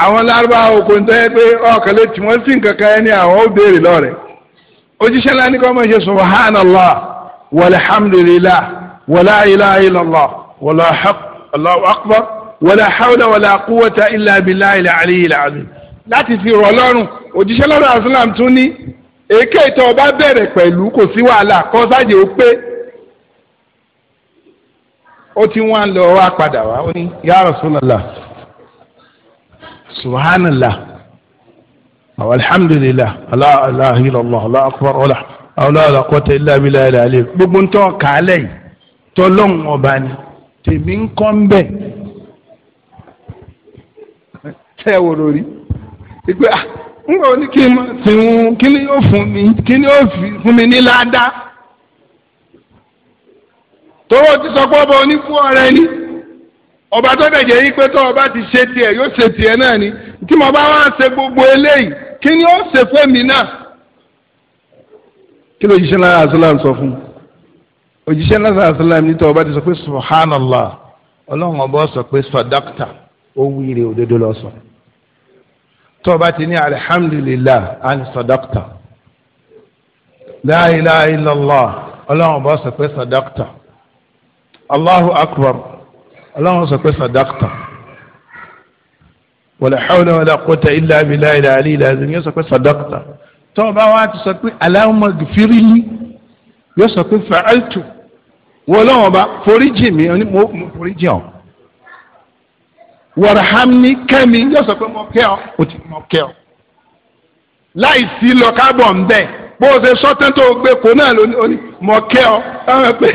Speaker 1: àwọn lárúbáwò kò ń tẹ́ pé ọ̀kan lè tì wọ́n sí nǹkan kan ẹni àwọn ó béèrè lọ́rẹ̀ òjíṣẹ́ ńlá ní kọ́ mọ̀ ṣe subhanallah walhamdulillah wala ilaha illallah wala haqq allahu akbar wala hawla wala quwwata illa billahi al-ali al-azim láti fi rọ̀ lọ́rùn òjíṣẹ́ lọ́rùn asúlám tún ní èké ìtọ́ ọba bẹ̀rẹ̀ pẹ̀lú kò sí wàhálà kọ́ sáàjì ó pé ó ti wá ń lọ wá padà wá ó ní ya Rasulullah subhanallah alhamdulillah la ilaha illallah Allahu akbar ọ̀la àwọn ọ̀làkọ́tà illa gbogbo ń tọ́ kàálẹ̀ yìí tọ́lọ́hún ọba ni tèmi ń kọ́ ń bẹ̀. ṣe wòrò rí ah ńgbà ó ní kí n máa sìn kí ni yóò fún mi kí ni yóò fún mi ní ládàá ti sọ pé ọba onífún ni ọba tó dẹ̀jẹ̀ yí pé tó ọba ti ṣe tiẹ̀ yóò ṣe tiẹ̀ náà ni tí mo bá wá ṣe gbogbo eléyìí kí ni ó ṣe fún mi náà kí ló jíṣẹ́ náà asalaam sọ fún òjíṣẹ́ náà asalaam nítorí ọba ti sọ pé subhanallah ọlọ́run ọba sọ pé ó wíire òdodo tó bá ti ní alihamdulilah ani sadakta la ilaha illallah ọlọ́run bá sọ pé sadakta allahu akbar ọlọ́run sọ pé sadakta wala hawla wala quwwata illa billahi aliyil azim yóò sọ pé sadakta tó bá wá ti sọ pé allahumma gfirli yóò sọ pé fa'altu wọ́n bá foríjì mi mo foríjì ọ̀ wọ̀rọ̀hámní kẹ́mi yóò sọ pé mo kẹ́ ọ mo ti mọ kẹ́ ọ. láì sí lọ káàbọ̀ ń bẹ̀ bó o ṣe sọ́tẹ́ tó o gbé kó náà ló ní mọ kẹ́ ọ ọmọ pé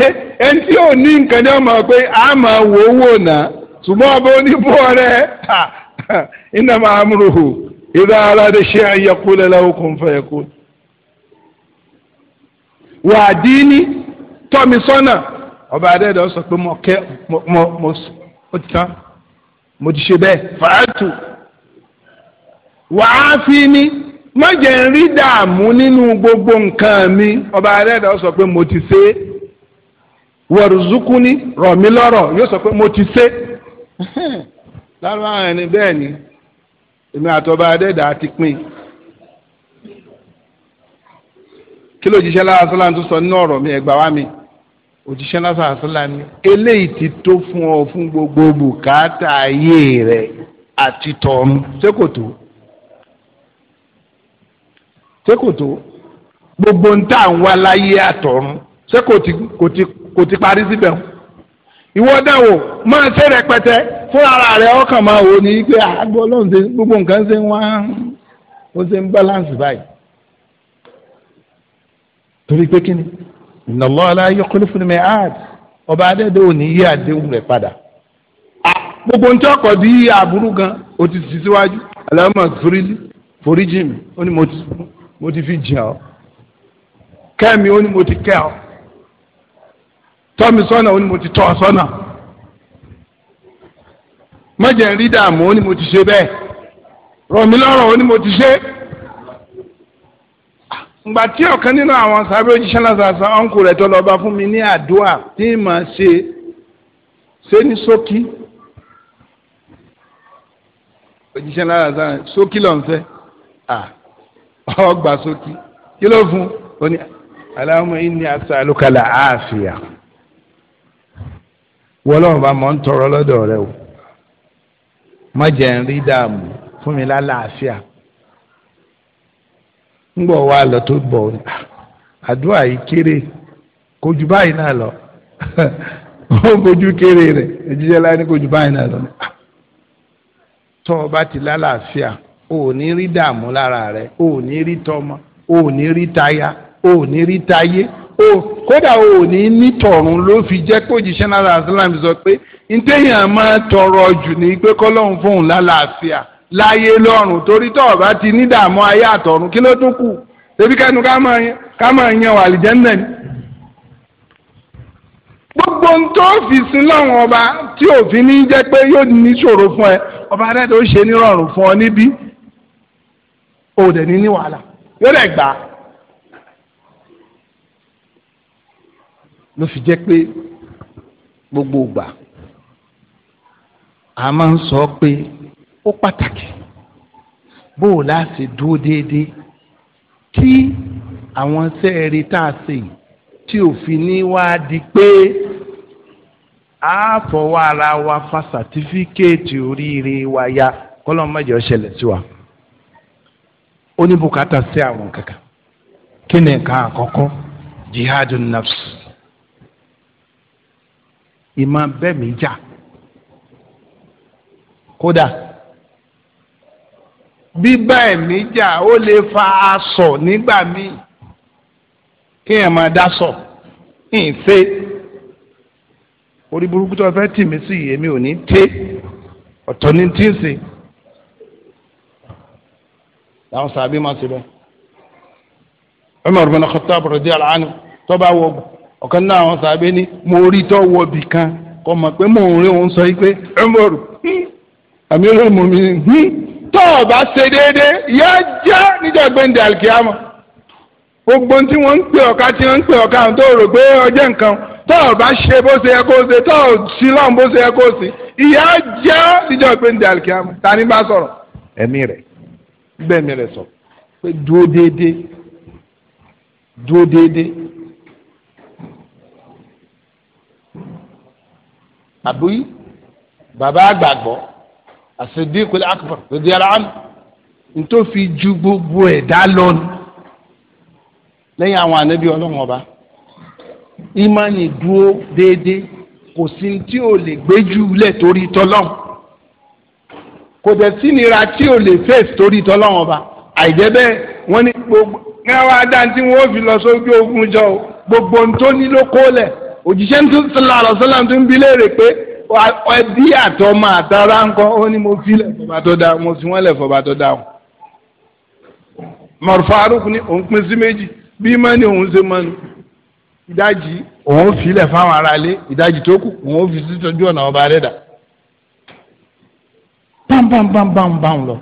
Speaker 1: ẹni tí ò ní nǹkan ní ọmọ pé a máa wò ó wò náà ṣùgbọ́n ọba oníbọ̀ rẹ̀ iná máa ń rohò ìdá aládé ṣe àyẹ̀kú lẹ́lẹ́wọ́ kò ń fẹ́ ẹ̀kú. wà á dín ní tọ́mi sọ́nà ọba adẹ́dọ̀ sọ pé kẹ́ mo ti ṣe bẹ́ẹ̀ fàátù wàá fi ni má jẹ́ ń rí dààmú nínú gbogbo nǹkan mi ọba Ẹlẹ́dàá sọ pé mo ti ṣe é wọ̀rùzúkú ni rọ̀ mí lọ́rọ̀ yóò sọ pé mo ti ṣe é lárúbáwọn ẹni bẹ́ẹ̀ ni èmi àtọ́ba Ẹlẹ́dàá ti pín kí ló jíṣẹ́ lára sọ́lá tó sọ nínú ọ̀rọ̀ mi ẹ̀gbà wá mi òjíṣẹ́ lásán àṣìlá ni eléyìí ti tó fún ọ fún gbogbo bùkátà ayé rẹ àti tọ̀run ṣé kò tó ṣé kò tó gbogbo ń tà ń wá láyé àtọ̀run ṣé kò ti kò ti kò parí síbẹ̀ o ìwọ dáwọ máa ṣe rẹpẹtẹ fún ara rẹ ọkàn máa wò ní pé àgbo ah, ọlọ́run ṣe gbogbo nǹkan ṣe ń wá ó ṣe ń balance báyìí torí pé kí ni inna Allah la yukhlifu al-mi'ad ọba adẹ́dẹ́ ò ní yí àdéhùn rẹ̀ padà. gbogbo ntẹ́ ọkọ̀ bí àbúrú gan o ti sì síwájú aláwọ̀ fúrílì foríjì mi ó ní mo ti fi jìn ọ́ kẹ́mi ó ní mo ti kẹ́ ọ́ tọ́mi sọ́nà ó ní mo ti tọ́ ọ sọ́nà mọ̀jẹ̀ ń rí dààmú ó ní mo ti ṣe bẹ́ẹ̀ rọ̀ mí ó ní mo ti ṣe ngbà tí ọ̀kan nínú àwọn sábẹ́ òjíṣẹ́ lásàásà ọ̀nkù rẹ̀ tó lọ bá fún mi ní àdúà tí mà á ṣe ṣe ní ṣókí òjíṣẹ́ lásàásà ṣókí lọ́n fẹ́ ọgbà ṣókí kí ló fún ọ ní aláwọ̀ ìní asàlùkàlà àáfíà wọ́lọ́run bá mọ̀ ń tọrọ lọ́dọ̀ rẹ o má ń rí dààmú fún mi lálàáfíà ńgbọ̀ wa lọ tó bọ̀ ọ́ àdúrà yìí kéré kojú báyìí náà lọ ó kojú kéré rẹ̀ ẹ̀jíjẹ́ láyé ní kojú báyìí náà lọ. tọ́ ọ ti lálàáfíà o ò ní rí dààmú lára rẹ̀ o ò ní rí tọmọ o ò ní rí táyà o ò ní rí táyé o kódà o ò ní ní tọ̀run ló fi jẹ́ kó jíṣẹ́ náà rà sílámù sọ pé ntẹ́yìn àmọ́ tọrọ jù ní pé kọ́lọ́hún fóun lálàáfíà láyé lọ́rùn torí tó bá ti ní dààmú ayé àtọ̀run kí ló tún kù ebi kẹnu ká máa yan wà àlìjẹ́ńdẹ̀ ni. gbogbo ohun tó fi sin lọ́rùn ọba tí òfin ní jẹ́ pé yóò ní ṣòro fún ẹ ọba adẹ́tẹ̀ ó ṣe nírọ̀rùn fún ọ níbí òdẹ̀ ní ní wàhálà yóò dẹ̀ gbà á. ló fi jẹ́ pé gbogbo ìgbà a máa ń sọ pé ó pàtàkì bó o láti dúró déédéé tí àwọn sẹ́ẹ̀rì tá a ṣe yìí tí òfin ní wá di pé a fọwọ́ ara wa fa sàtífíkẹ́ẹ̀tì oríire wa ya kọ́lọ́mọ́jọ ṣẹlẹ̀ sí wa ó ní bùkátà sí àwọn kankan kí ni nǹkan àkọ́kọ́ jihadu nafs ìmọ̀ bẹ́ẹ̀ mi jà kódà bíbá ẹ̀mí jà ó lè fa aṣọ nígbà míì kí ẹ̀ máa dáṣọ ìfẹ́ orí burúkú tó fẹ́ tì mí sí yìí èmi ò ní tẹ́ ọ̀tọ̀ ní tí ń ṣe làwọn sàbí máa ṣe bẹ́ẹ̀ Umar bin Khattab radiyallahu anhu tó bá wọ ọ̀kan náà àwọn sàbí ní mo rí tó wọ bì kan kò mọ̀ pé mò ń rí òun sọ yìí pé Umar àmì olóòmù mi hìn tó o bá ṣe déédéé yóò jẹ́ níjọ́ gbẹ̀ǹdẹ̀ àlùkìyàmọ̀ gbogbo tí wọ́n ń pè ọ̀ka tí wọ́n ń pè ọ̀ka tó rò pé ọjọ́ nǹkan tó o bá ṣe bó ṣe yẹ kó o ṣe tó o sí lọ́hùn bó ṣe yẹ kó o ṣe ìyá jẹ́ níjọ́ gbẹ̀ǹdẹ̀ àlùkìyàmọ̀ ta ni bá sọ̀rọ̀ ẹ̀mí rẹ̀ bẹ́ẹ̀mí rẹ̀ sọ pé dúró déédéé dúró déédéé àbí bàbá àgbàgbọ́ as-Siddiq al-Akbar radiyallahu anhu ntòfi ju gbogbo ẹ̀dá lọ́nu lẹ́yìn àwọn ànábì ọlọ́run ọba ìmánì dúró déédéé kò sí tí ò lè gbé jù lẹ̀ torí tọ́lọ́run kò dẹ̀ sí nira tí ò lè fèsì torí tọ́lọ́run ọba àìjẹ́ bẹ́ẹ̀ wọ́n gbogbo ní àwọn wọn fi lọ sójú ogun jọ gbogbo ntó ló kó lẹ̀ òjíṣẹ́ sallallahu alaihi wasallam tó ń bi léèrè pé ẹbí àtọmọ àtàrà ńkọ ó ní mo filẹ̀ fọba tó dá mo fi wọ́n lẹ̀ fọba tó dá wọn. mọ̀rùfà ni òun pín sí méjì bí mọ́ni òun ṣe mọ́ni ìdajì òun filẹ̀ fáwọn aráalé ìdajì tó kù òun fi sítọ́jú ọ̀nà ọba rẹ̀ dà bámbámbámbámbám lọ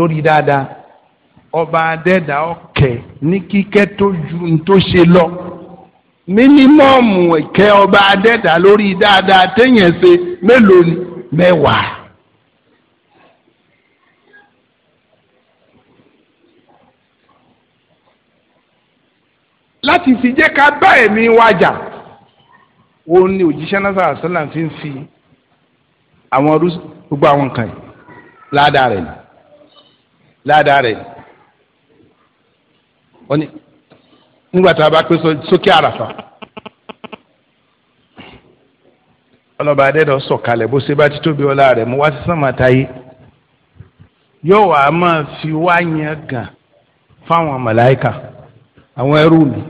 Speaker 1: ló ọba adẹ́dà ọ̀kẹ́ ní kíkẹ́ tó ju ní tó ṣe lọ mínímọ́ọ̀mù ìkẹ́ ọba adẹ́dà lórí dáadáa téèyàn ṣe mélòó ni mẹ́wàá. láti fi jẹ́ ká bá ẹ̀mí wájà òun ni òjíṣẹ́ náà sàlá fi ń fi àwọn gbogbo àwọn kan yìí ládàá rẹ̀ ládàá rẹ̀ oni ní nígbà tá a bá pé sókè àràfà ọlọ́ba adẹ́dọ̀ sọ̀kalẹ̀ bó ṣe bá ti tóbi ọlá rẹ̀ mú wá sí sàmàtàyé yóò wá máa fi wá yẹn gàn fáwọn màláìkà àwọn ẹrú mi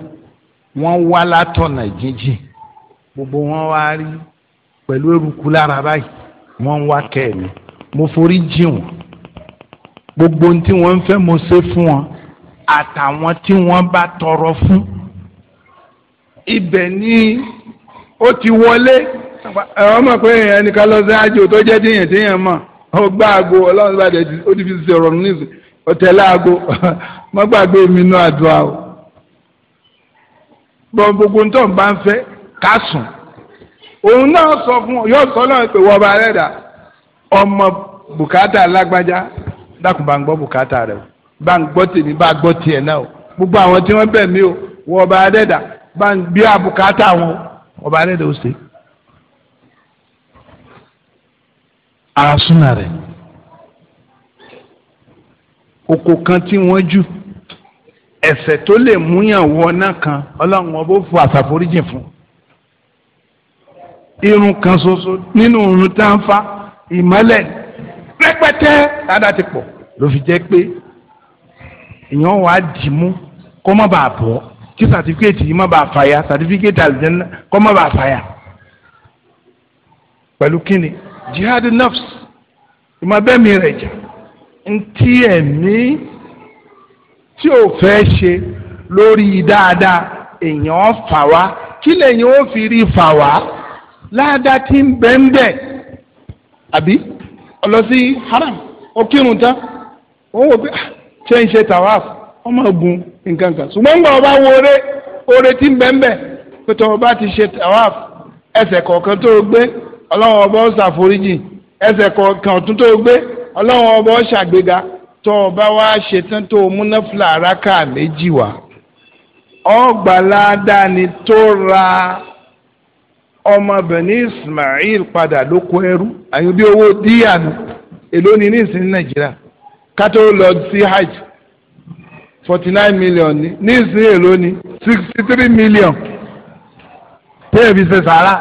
Speaker 1: wọ́n wá látọ̀nà jíjìn gbogbo wọn wá rí pẹ̀lú eruku lára báyìí wọ́n wá kẹ́ mi mo forí jìn wọ́n gbogbo ohun tí wọ́n ń fẹ́ mo ṣe fún wọn àtàwọn tí wọ́n bá tọrọ fún ibẹ̀ ni ó ti wọlé ẹ̀rọ mọ̀ pé èèyàn nìkan lọ sí àjò tó jẹ́ díyàn díyàn mọ̀ ó gbá aago ọlọ́run bá dẹ̀ ó ti fi ṣe ọ̀rọ̀ nísìn ọ̀tẹ̀lẹ̀ aago mọ́ gbàgbé mi inú àdúrà o bọ́n gbogbo ń tọ́ bá ń fẹ́ ká sùn òun náà sọ fún ọ yóò sọ náà pé wọ́n bá rẹ̀ dà ọmọ bùkátà lágbájá dákùnbà ń gbọ́ bùkátà rẹ̀ o bá ń gbọ́ tèmi bá gbọ́ tiẹ̀ náà o gbogbo àwọn tí wọ́n bẹ̀ mí o wọ ọba adẹ́dà bá ń gbé àbùkátà wọn ọba adẹ́dà ó ṣe. ara súnà rẹ̀ oko kan tí wọ́n jù ẹ̀ṣẹ̀ tó lè múyàn wọná kan ọlọ́run ọba ó fọ àṣàforíjìn fún irun kan ṣoṣo nínú irun tá ń fa ìmọ́lẹ̀ rẹpẹtẹ dáadáa ti pọ̀ ló fi jẹ́ pé èèyàn wàá dì mú kó má bàa bọ̀ kí sàtífíkẹ́tì yìí má bàa fàyà sàtífíkẹ́tì àlùjẹ́nà kó má bàa fàyà. pẹ̀lú kíni jihad nafs ìmọ̀ bẹ́ẹ̀ mi rẹ̀ jà ntí ẹ̀mí tí ò fẹ́ ṣe lórí dáadáa èèyàn fà wá kí lèyìn ó fi rí fà wá láàdá tí ń bẹ́ ń bẹ́ àbí ó haram ó kírun tán ó wò pé ah tí wọ́n ṣe tawaf wọ́n gun nǹkan kan ṣùgbọ́n ọba wo oore oore ti ń ọba ti ṣe tawaf ẹsẹ̀ kọ̀ọ̀kan tó gbé ọlọ́wọ́n ọba ó ṣàforíjì ẹsẹ̀ kọ̀ọ̀kan gbé ọba ó ṣàgbéga tọ́ ọba ṣetán tó múnáfìlà àràkà méjì wá ọgbàládá ni tó ra ọmọbìnrin Ismail padà lóko ẹrú àyùbí owó kátó lọ sí hajj forty nine million ní nísìnyí èlò ní sixty three million téèyàn fi ṣe sàrà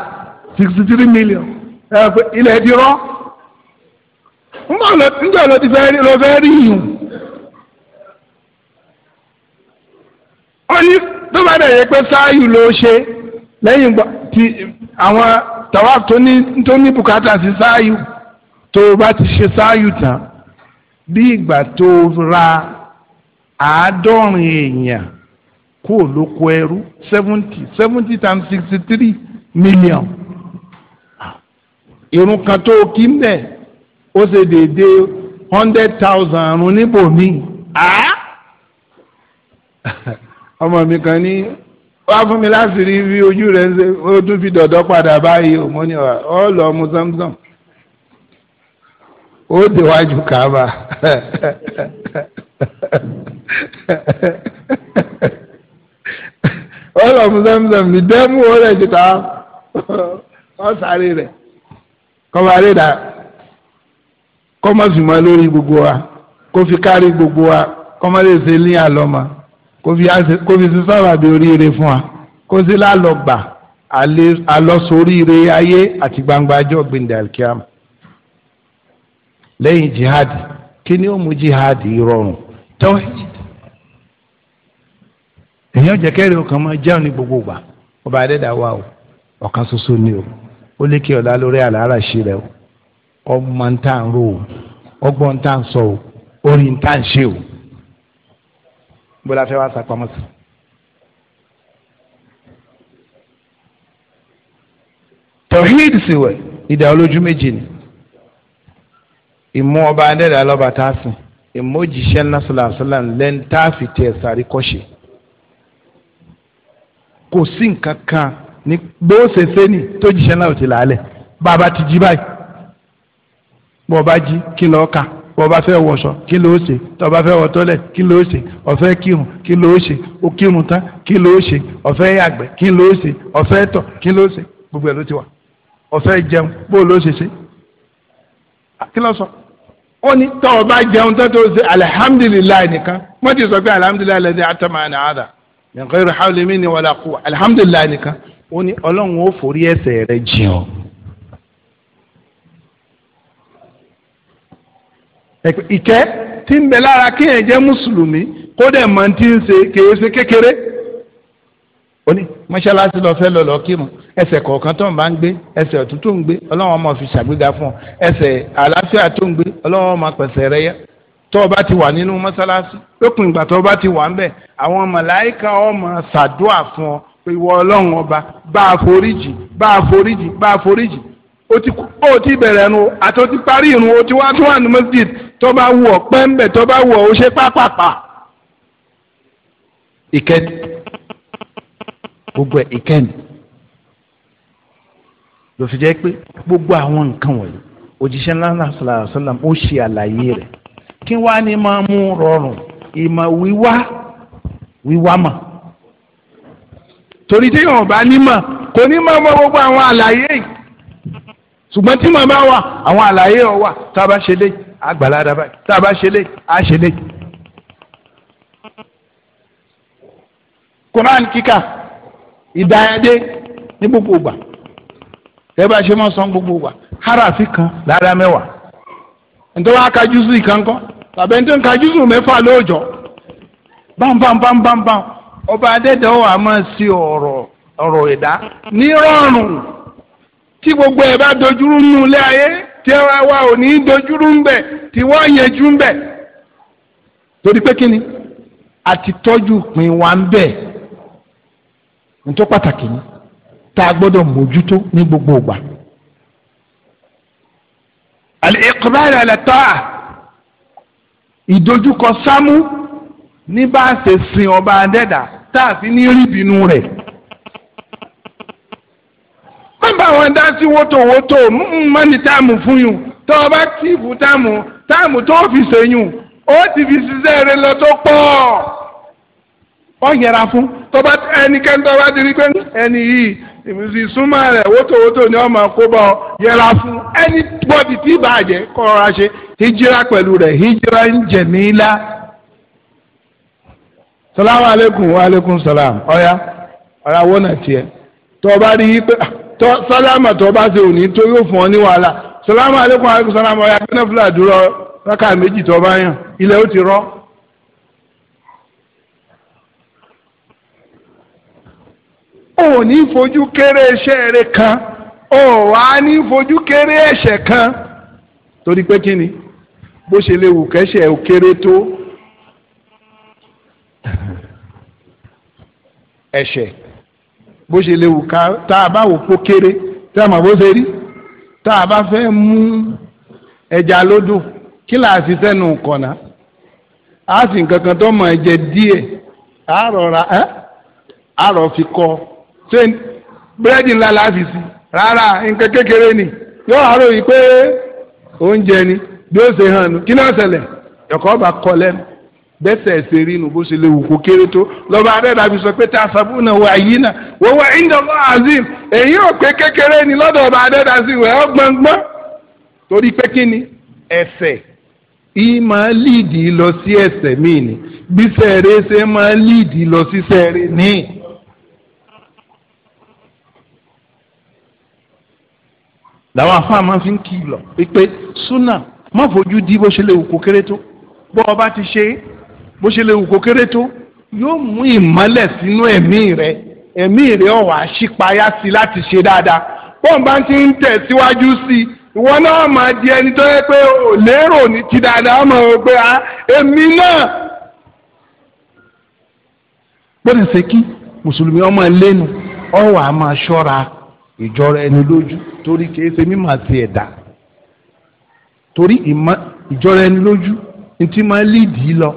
Speaker 1: sixty three million ilẹ̀ ti rọ́ nígbà ló ti fẹ́ rí ló fẹ́ rí yùn ó ní tó bá dẹ̀ yẹ pé sáàyù ló ṣe lẹ́yìn tí àwọn tàwa tó ní bùkátà sí sáàyù tó bá ti ṣe sáàyù tán bí ìgbà tó ra àádọ́rin èèyàn kó lóko ẹrú seventy seventy times sixty three million irun kan tó kí ń bẹ̀ ó ṣe déédéé hundred thousand irun níbòmí ọmọ mi kan ní wá fún mi láti rí bí ojú rẹ̀ ó tún fi dọ̀dọ̀ padà báyìí ó mọ́ ní ọ̀rọ̀ ọ́ mu zamzam ó déwájú kàába ó lọ fún zamzam ní dẹ́mú ó lè ti ta ọ sáré rẹ̀ kọ́ba rẹ̀ kọ́mọ fìmọ́ lórí gbogbo wa kó fi kárí gbogbo wa kọ́mọ lè ṣe ní àlọ́mọ kó fi sísára bí oríire fún wa kó sí lálọ́gbà alọ́sọ̀ríire ayé àti gbangba ajọ́ gbẹ̀ndẹ̀ lẹ́yìn jihad kí ni ó mú jihad rọrùn tawhid èèyàn jẹ́kẹ́rì ọkàn máa jẹun ní gbogbo
Speaker 3: ìgbà ọba adẹ́dàá o
Speaker 1: ni o ó kí ọ̀la lórí àlàárà ṣe rẹ o ọmọ ń ro o ọgbọ́n ń sọ o orí ń tà ṣe o fẹ́ wá sàpamọ́ sí. ìmú ọba adẹ́dàá lọ́ba tá a sìn ìmú òjìṣẹ́ nasala asalam lẹ́ni tá a fi kọ́ṣe kò sí nǹkan kan ní bó ṣe ṣe ni tó jíṣẹ́ náà ti làálẹ̀ bàbá ti jí báyìí bó bá jí kí lọ́ọ́ kà bó bá fẹ́ wọṣọ kí ló ṣe tó bá fẹ́ wọ tọ́lẹ̀ kí ló ṣe ó fẹ́ kírun kí ló ṣe ó kírun tán kí ló ṣe ó yàgbẹ́ kí ló ṣe ó tọ̀ kí ló ṣe gbogbo ẹ̀ ló ti wà ó jẹun bó ló ṣe ṣe kí ló sọ ó ní tọ́ ọ bá jẹun tó tó ṣe alihamdulilayi nìkan wọ́n ti sọ pé alihamdulilayi lẹ́dí atamani ada nǹkan irú hawlẹ̀ mi ni wọ́n la kú alihamdulilayi nìkan ó ní ọlọ́run ó forí ẹ̀ṣẹ̀ rẹ̀ jìn ọ́. ìkẹ́ tí ń bẹ lára kéèyàn jẹ́ mùsùlùmí kó dẹ̀ mọ̀ tí ń ṣe kèé kékeré mọ́ṣáláṣí lọ fẹ́ lọ lọ kírun ẹsẹ̀ kọ̀ọ̀kan tó ń bá ń gbé ẹsẹ̀ ọ̀tún tó ń gbé ọlọ́run ọmọ fi ṣàgbéga fún ọ ẹsẹ̀ àlàáfíà tó ń gbé ọlọ́run ọmọ pẹ̀sẹ̀ rẹ yá tó o bá ti wà nínú mọ́ṣáláṣí lópin ìgbà tó o bá ti wà ń bẹ̀ àwọn màláíkà ọmọ ṣàdúà fún ọ pé ìwọ ọlọ́run ọba bá a foríjì bá a foríjì bá a foríjì o ti bẹ̀rẹ̀ nu àti o ti parí irun o ti wá tún wà ní masjid tó bá wù ọ pẹ́ńbẹ̀ tó bá wù ọ o ṣe pápápá. ìkẹtù gbogbo ẹ̀ ìkẹ́ni ló fi jẹ́ pé gbogbo àwọn nǹkan wọ̀nyí òjíṣẹ́ ńlá sallallahu alaihi wasallam ó ṣe àlàyé rẹ̀ kí wàá ní máa mú rọrùn ìmọ̀ wíwá wíwá mọ̀ torí tí yóò bá nímọ̀ kò ní máa mọ gbogbo àwọn àlàyé yìí ṣùgbọ́n tí màmá wà àwọn àlàyé ọ̀ wà tá a bá ṣe lé àgbàládà báyìí tá a bá ṣe lé a ṣe lé. Quran kíkà ìdáyàdé ní gbogbo ìgbà ẹ bá ṣe máa san gbogbo hara harafi kan lára mẹ́wàá ntọ́ wa ka jùsù ìkànkọ́ tàbí ntọ́ nka jùsù mẹ́fà lóòjọ́ ọba adẹ́dẹ́wọ̀ a máa ṣe ọ̀rọ̀ ọ̀rọ̀ ní rọrùn tí gbogbo bá dojúrú nù ayé tí ẹ wá ò ní dojúrú tí wọ́n nítorí pàtàkì ni tá a gbọ́dọ̀ mójútó ní gbogbo ìgbà. al-iqbal ala ta'a ìdojúkọ sámú ní bá a ṣe sin ọba adẹ́dà tá a fi ní rí ìbínú rẹ̀. má bá wọn dá sí wótòwótò mọ́ni táàmù fún yùn tó o bá tìfù táàmù táàmù tó o fi ṣèyùn ó ti fi ṣiṣẹ́ rẹ lọ tó pọ̀. ọ yẹra fún tọba ẹnikẹ́ni tọba ti pé ẹni yìí ìmùsùn súnmọ́ rẹ̀ wótòwótò ni ọmọ ọ yẹra fún ẹni bọ́dì tí ìbàjẹ́ kọ́ ṣe hijira pẹ̀lú rẹ̀ hijira ń jẹ̀mílá. salamu aleykum wa salam ọ̀ya ọ̀ya wọ́n tiẹ̀ rí i pé Tọba ṣe òní tó yóò fún ọ ní wàhálà salamu wa salam ọ̀ya gbẹ́nẹ́fúlà dúró rákà méjì tọba yàn ilẹ̀ ó ti rọ́. O ní fojú kéré iṣẹ́ rẹ kan ò wá ní fojú kéré ẹ̀ṣẹ̀ kan torí pé kí ni bó ṣe lè wù kẹ́ṣẹ̀ ò kéré tó ẹ̀ṣẹ̀ bó ṣe lè wù ká tá a bá wò pó kéré tá a mọ̀ bó ṣe rí tá a bá fẹ́ mú ẹja lódò kí láàfin sẹ́nu á sì nǹkan kan tó mọ̀ ẹ̀jẹ̀ díẹ̀ á fi kọ́ ọ. ṣé ńlá la fi sí rárá ni yóò arọ yìí pé oúnjẹ ni bí ó ṣe hàn kí náà ṣẹlẹ̀ ẹ̀kọ́ bá kọ lẹ́nu bẹ́sẹ̀ ṣe rí nu bó ṣe lè wù kó kéré tó lọ́ba adẹ́dà fi sọ pé tá a náà wà ni lọ́dọ̀ ọba adẹ́dà sí wẹ̀ ọ́ torí pé kí ni máa lọ sí ni ṣe máa lọ sí làwọn afáà máa fi ń kí lọ pé súnà má fojú di bó ṣe lè wù kó kéré tó bó ọba ti ṣe bó ṣe lè wù kó kéré tó yóò mú ìmọ́lẹ̀ sínú ẹ̀mí rẹ ẹ̀mí rẹ ọ̀wà ṣípayá sí láti ṣe dáadáa bọ́n ti ń tẹ̀síwájú sí i ìwọ náà máa di ẹni tó yẹ pé ò lérò ní ti dáadáa mọ̀ ọ́ pé èmi náà gbọ́dọ̀ ṣe kí mùsùlùmí ọmọ ẹlẹ́nu ọ̀wà máa ṣọ́ra. ìjọra ẹni lójú torí kìí ṣe àti ẹ̀dá torí ìjọra ẹni lójú ní ti máa lídìí lọ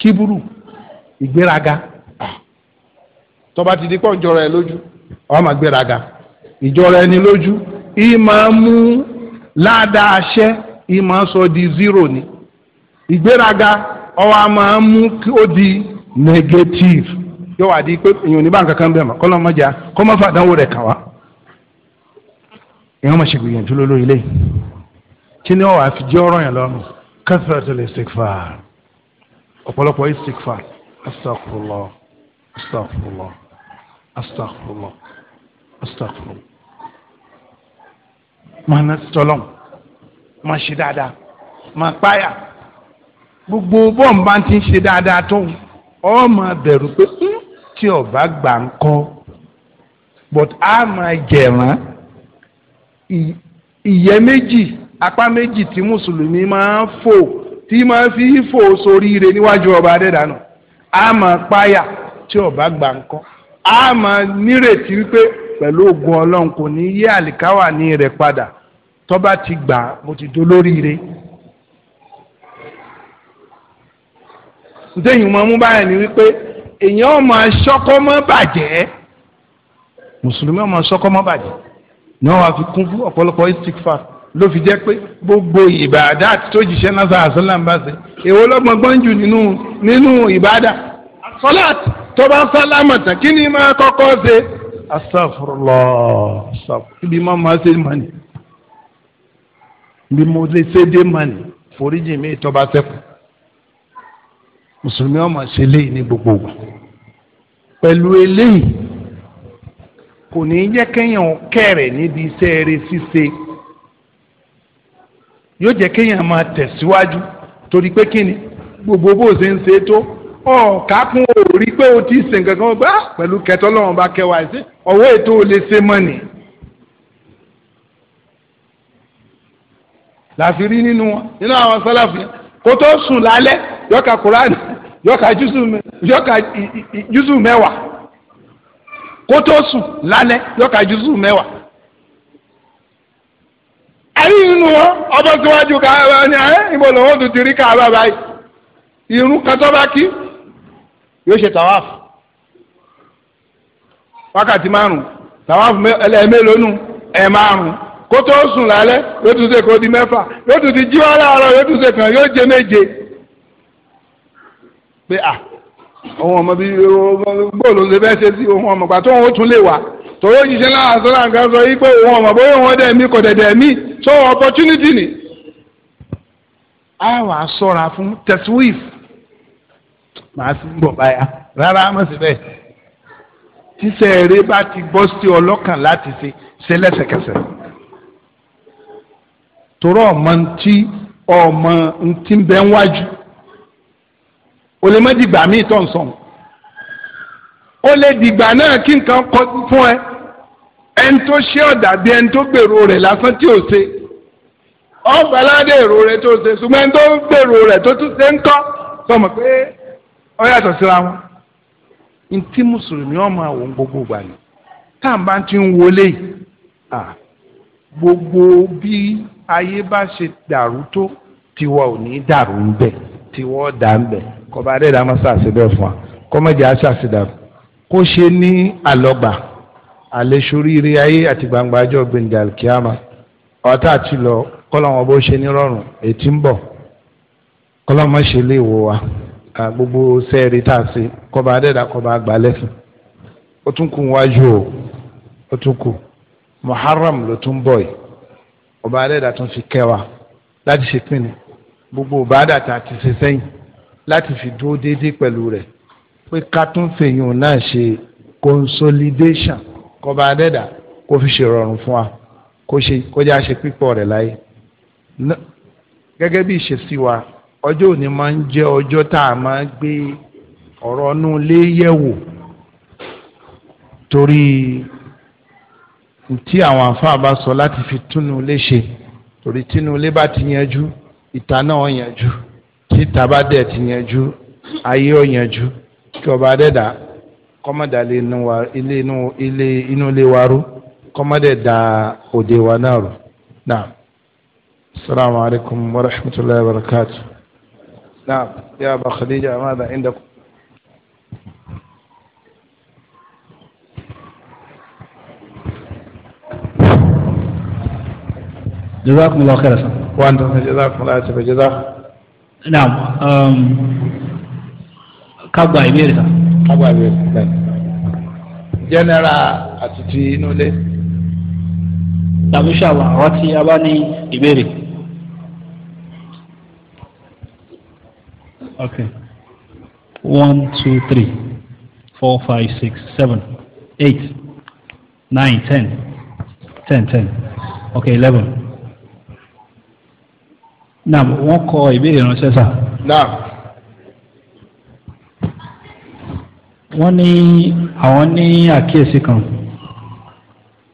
Speaker 1: kíburu ìgbéraga ah. tọba ti di pọ̀ ìjọra ẹ lójú ọba máa gbéraga ìjọra ẹni lójú di zero ni ìgbéraga ọwọ́ máa mú kí ó di negative yóò wá di pé èèyàn ò ní bá nǹkan kan mọ́ kọ́ ló jà èèyàn máa ṣe gbìyànjú lórí ilé kí ni wọ́n wàá fi jẹ́ ọ̀rọ̀ yẹn lọ́rùn kẹsàn-án istighfar ọ̀pọ̀lọpọ̀ istighfar astaghfirullah astaghfirullah astaghfirullah astaghfirullah máa ná sọlọ́n máa ṣe dáadáa máa páyà gbogbo bọ́ǹbà ti ń ṣe dáadáa tó ọ máa bẹ̀rù pé hmm, tí ọba gbà ń kọ́ but a máa jẹ̀rán ìyẹ́ méjì apá méjì tí mùsùlùmí máa ń fò tí máa fi fò sórí ire níwájú ọba adẹ́dànù a máa páyà tí ọba gbà nǹkan a máa nírètí wípé pẹ̀lú ògùn ọlọ́run kò ní yí àlìkáwà ní rẹ̀ padà tọ́ba ti gbà mo ti dolórí ire. ntẹ́yìn mọ́ mú báyìí ni wípé èèyàn máa ṣọ́kọ́ mọ́ bàjẹ́ mùsùlùmí máa ṣọ́kọ́ mọ́ bàjẹ́ ní wọn wá fi kún fún ọ̀pọ̀lọpọ̀ istikfar ló fi jẹ́ pé gbogbo ìbàdà tó jìṣẹ́ náà sàásọ́làm bá ṣe èwo lọ́gbọ̀ngbọ́n jù nínú nínú ìbàdà sọláàt tó bá sálámà tán kí ni máa kọ́kọ́ ṣe asáfúrúlọ ibi máa máa ṣe mọ́ni bí mo lè ṣe dé mọ́ni foríjì mi tó bá ṣẹ́kù mùsùlùmí ọmọ ṣe léyìí ní gbogbo pẹ̀lú eléyìí kò ní jẹ́ kéèyàn kẹ̀rẹ̀ níbi iṣẹ́ rẹ̀ ṣíṣe yóò jẹ́ kéèyàn máa tẹ̀síwájú torí pé kíni gbogbo bó ṣe ń ṣe tó ọ kákún ò rí pé o ti ṣe nǹkan kan bá pẹ̀lú kẹtọ́ lọ́wọ́n bá kẹwàá sí ọwọ́ ètò ò lè ṣe mọ́ni. láfi rí nínú wọn nínú àwọn sálàfin kó tó sùn lálẹ́ yọ̀ọ̀ka kúránì yọ̀ọ̀ka jùsù mẹ́wàá. kó tó lálẹ́ yọkà ju mẹ́wàá. ẹ̀rí inú wọn ọbọ̀ síwájú káàbà ni ẹ̀ ìbò lòun tún ti rí káàbà báyìí irun kan kí yóò ṣe tàwáàfù wákàtí márùn tàwáàfù ẹlẹ́ẹ̀mélòó nù márùn yóò tún ṣe kó di òun ọmọ bíi bóòlù lè fẹ́ ṣe sí òun ọmọ gbà tó òun tún lè wà tòun òṣìṣẹ́ náà sọ́lá nǹkan sọ yí pé òun ọmọ bóyá òun dẹ̀ mí kò dẹ̀dẹ̀ mí so opportunity ni. a wàá sọ̀ra fún tẹ̀síwìf màá sì ń bọ̀ báyà rárá mọ̀ síbẹ̀ tíṣẹ́ eré bá ti bọ́ sí ọlọ́kàn láti ṣe ṣe lẹ́sẹ̀kẹsẹ̀ torọ́ ọmọ ntí ọmọ ntí ń ń wájú o lè má dìgbà míì tó ń sọ̀n o lè dìgbà náà kí nǹkan kọ fún ẹ ẹni tó ṣe ọ̀dà bí ẹni tó gbèrò rẹ̀ lásán tí ò ṣe ọ̀bàládé èrò rẹ̀ tó ṣe ṣùgbọ́n ẹni tó gbèrò rẹ̀ tó tún ṣe ń kọ́ sọmọ pé ọ yàtọ̀ síra wọn ntí mùsùlùmí ọmọ àwọn gbogbo gbà ní tá à ń bá ti ń wọlé yìí gbogbo bí ayé bá ṣe dàrú tó tiwa ò ní dàrú ń bẹ tiwa ọ̀dà ń bẹ kọba adéda máa ṣàṣìbẹ fún wa kọmọdé á ṣàṣìdà kó ṣe ní àlọgbà àlẹsóríire ayé àti gbangba ajọ gbẹndẹ alikiyama ọtá àti lọ kọlọmọ bó ṣe ní rọrùn ètí ń bọ kọlọmọ ṣe lè wò wá gbogbo sẹẹri tá a ṣe kọba adéda kọba àgbà ó tún kù wájú o ó tún kù muharram ló tún bọ̀ yìí ọba adéda tún fi kẹwàá láti ṣe pinnu gbogbo bàdàtà ti ṣe sẹ́yìn láti fi dúró déédéé pẹ̀lú rẹ̀ pé ká tún fèyàn náà ṣe consolidation kọba adẹ́dà kó fi ṣe rọrùn fún wa kó ṣe kójá ṣe pípọ̀ rẹ̀ láyé gẹ́gẹ́ bí ìṣesí wa ọjọ́ òní máa ń jẹ́ ọjọ́ tá a máa gbé ọ̀rọ̀ inú ilé yẹ̀wò torí tí àwọn àfáà bá sọ láti fi túnú ilé ṣe torí tínú ilé bá ti yanjú ìta náà yanjú tí taba dẹ̀ ti yanjú ayé ò yanjú kí ọba dẹ́dà kọ́mọ̀dà ilé inú ilé wa rú kọ́mọ̀dà da òde wa náà rú náà salaamu alaykum wa rahmatulahi wa barakatu náà yà bá khadija amada inda ku. جزاكم الله خيرا وانتم جزاكم الله خيرا جزاكم naam um, gba ìbéèrè kan. ká gba ìbéèrè kan. general àti ti inú ilé. tàbí ṣàwọn àwọn tí a bá
Speaker 4: ní ìbéèrè. Okay. One, two, three, four, five, six, seven, eight, nine, ten, ten, ten. Okay, eleven naam wọ́n kọ ìbéèrè ránṣẹ́ sá. naam. wọ́n ní àwọn ní àkíyèsí kan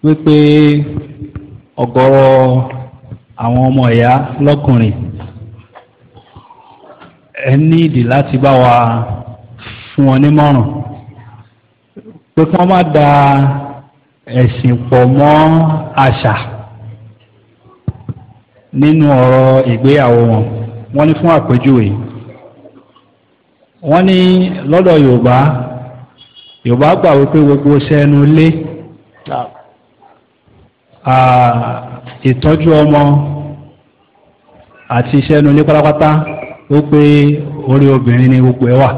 Speaker 4: wípé ọ̀gọ̀rọ̀ àwọn ọmọ ẹ̀yà lọ́kùnrin ẹ ní ìdí láti bá wa fún wọn nímọ̀ràn pé kí wọ́n má da ẹ̀sìn pọ̀ mọ́ àṣà nínú ọ̀rọ̀ ìgbéyàwó wọn wọ́n ní fún àpèjúwe wọ́n ní lọ́dọ̀ yorùbá yorùbá gbà wípé gbogbo sẹ́nu lé ìtọ́jú ọmọ àti sẹ́nu lé pátápátá ó pé orí obìnrin ni gbogbo ẹ̀ wà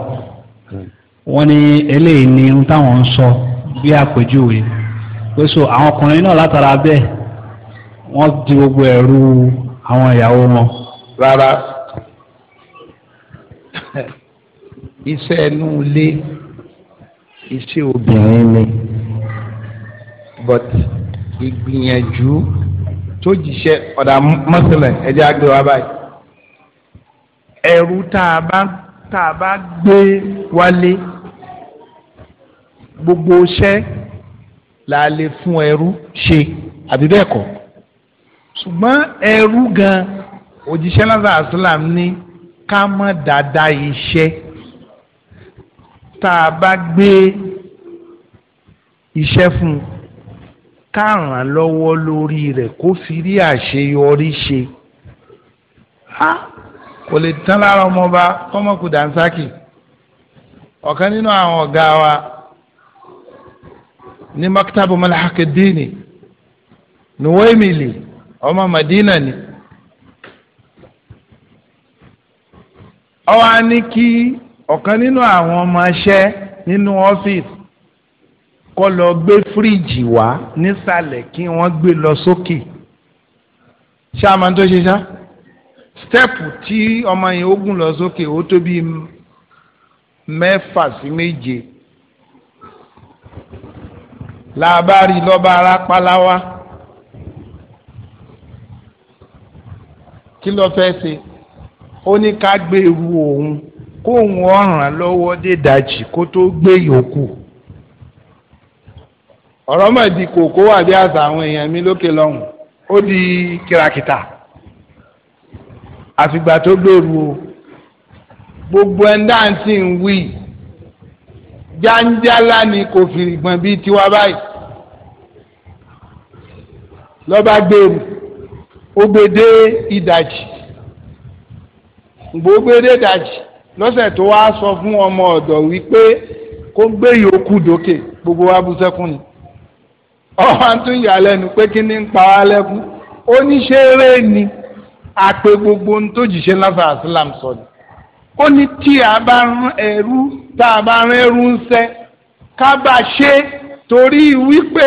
Speaker 4: wọ́n ní eléyìí ni ohun táwọn ń sọ bí àpèjúwe pé so àwọn ọkùnrin náà látara bẹ́ẹ̀ wọ́n di gbogbo ẹ̀rú àwọn ìyàwó wọn
Speaker 1: rárá iṣẹ́ inú ilé iṣẹ́
Speaker 4: obìnrin ni
Speaker 1: but ìgbìyànjú tó jíṣẹ́ ọ̀dà mọ́sílẹ̀ ẹ̀jẹ̀ àgbẹ̀ wa báyìí ẹ̀rú tá a bá tá a bá gbé wálé gbogbo iṣẹ́ la lè fún ẹrú ṣe àbí bẹ́ẹ̀ kọ́ ṣùgbọ́n ẹrú gan òjíṣẹ́ lásán àṣìlám ní ká mọ̀ dáadáa iṣẹ́ tá a bá gbé iṣẹ́ fún un ká ràn án lọ́wọ́ lórí rẹ̀ kó fi rí àṣeyọrí ṣe kò lè tán lára ọmọọba kọ́mọkù dànsákì ọ̀kan nínú àwọn ọ̀gá wa ní maktabu malhaqidini nuwaimili ọmọ Madina ni ọwọ́ á ní kí ọ̀kan nínú àwọn ọmọ ẹṣẹ́ nínú ọ́fíìsì kọ́ lọ gbé fíríìjì wá nísàlẹ̀ kí wọ́n gbé lọ sókè ṣáàmà tó ṣe ṣá stẹ́ẹ̀pù tí ọmọ yẹn ó lọ sókè ó tó bíi mẹ́fà sí méje làbárí lọ́ba ara pálá wá. kí ló fẹ́ ṣe ó ní ká gbé irú òun kóun ọ̀ràn lọ́wọ́ dé dajì kó tó gbé yòókù ọ̀rọ̀ mọ̀ di kòkó wà bí àṣà àwọn èèyàn mi lókè lọ́hùn ó di kìràkìtà àfìgbà tó gbèrú o gbogbo ẹ̀ńdá sì ń wí jáńjálá ni kò fìrìgbọ̀n bíi tiwa báyìí lọ́ba gbèrú ogbede ìdajì gbogbo ìdajì lọ́sẹ̀ tó wá sọ fún ọmọ ọ̀dọ̀ wípé kó gbé yòókù dókè gbogbo wa bú sẹ́kùn ni ọ̀hún àtún ìyàlẹ́nu pé kí ni ń pa wá lẹ́kùn ó ní ṣeré ni àpè gbogbo ohun tó jìṣẹ́ lásán àsìlám sọ ni ó ní tí a bá rán ẹrú tá a bá rán ẹrú ń sẹ́ ká bá ṣe torí wípé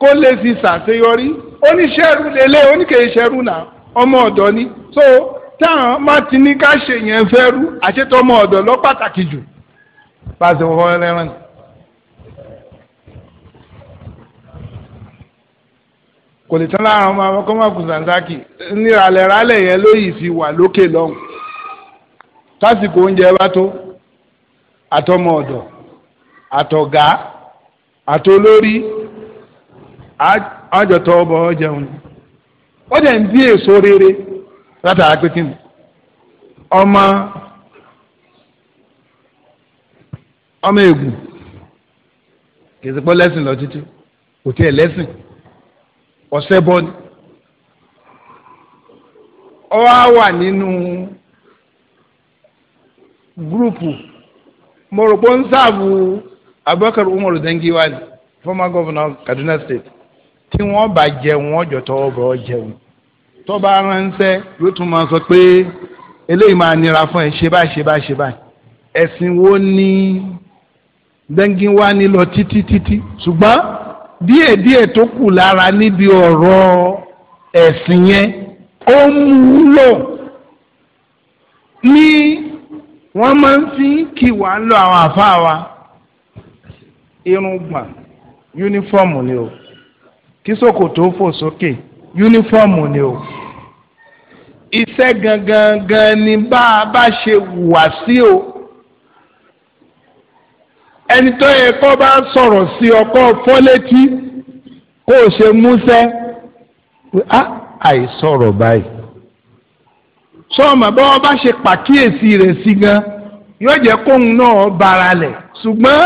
Speaker 1: kó lè fi ṣàṣeyọrí oníṣẹ́rú lélẹ̀ oníkèéṣẹ́rú náà ọmọ ọ̀dọ́ ni so táwọn má ti ní ká ṣe yẹn fẹ́rú àṣetọ́ ọmọ lọ pàtàkì jù pàṣẹ wọ́n kò lè tán ọmọ kùsànsákì níralẹ̀ ọjọtọ ọbọ ọjẹun ó dẹ̀ ń dí èso rere rata pé ọma ọma egwu ọmọ lesin kì otu e lesin lẹ́sìn lọ títí kò tiẹ̀ lẹ́sìn ọ̀sẹ̀ bọ́ ni ọ wá wà nínú gúrùpù mo rò pé Abubakar Umar Dangiwali former governor of Kaduna State tí wọ́n bá jẹun wọ́n jọ tọwọ́ bọ̀ jẹun tọ́ba ránṣẹ́ yóò tún máa sọ pé eléyìí máa nira fún ẹ ṣe báyìí ṣe báyìí ṣe báyìí ẹ̀sìn wo ni dẹ́ngin wá ní lọ títí títí ṣùgbọ́n díẹ̀ díẹ̀ tó kù lára níbi ọ̀rọ̀ ẹ̀sìn yẹn ó mú un lò ní wọ́n máa ń fi kí wà ń lọ àwọn àfáà wa irun gbọ̀n yúnífọ̀mù ni o kí ṣòkòtò fò sókè yúnífọ́ọ̀mù ni o iṣẹ́ gangan gan ni bá a bá ṣe wà sí o ẹni tó yẹ kó bá sọ̀rọ̀ sí ọkọ fọ́létí kó o ṣe músẹ́ a àìsọ̀rọ̀ báyìí sọ́ọ̀mà bá wọn bá ṣe pàkíyèsí rẹ̀ sí gan yóò jẹ́ kóun náà bára ṣùgbọ́n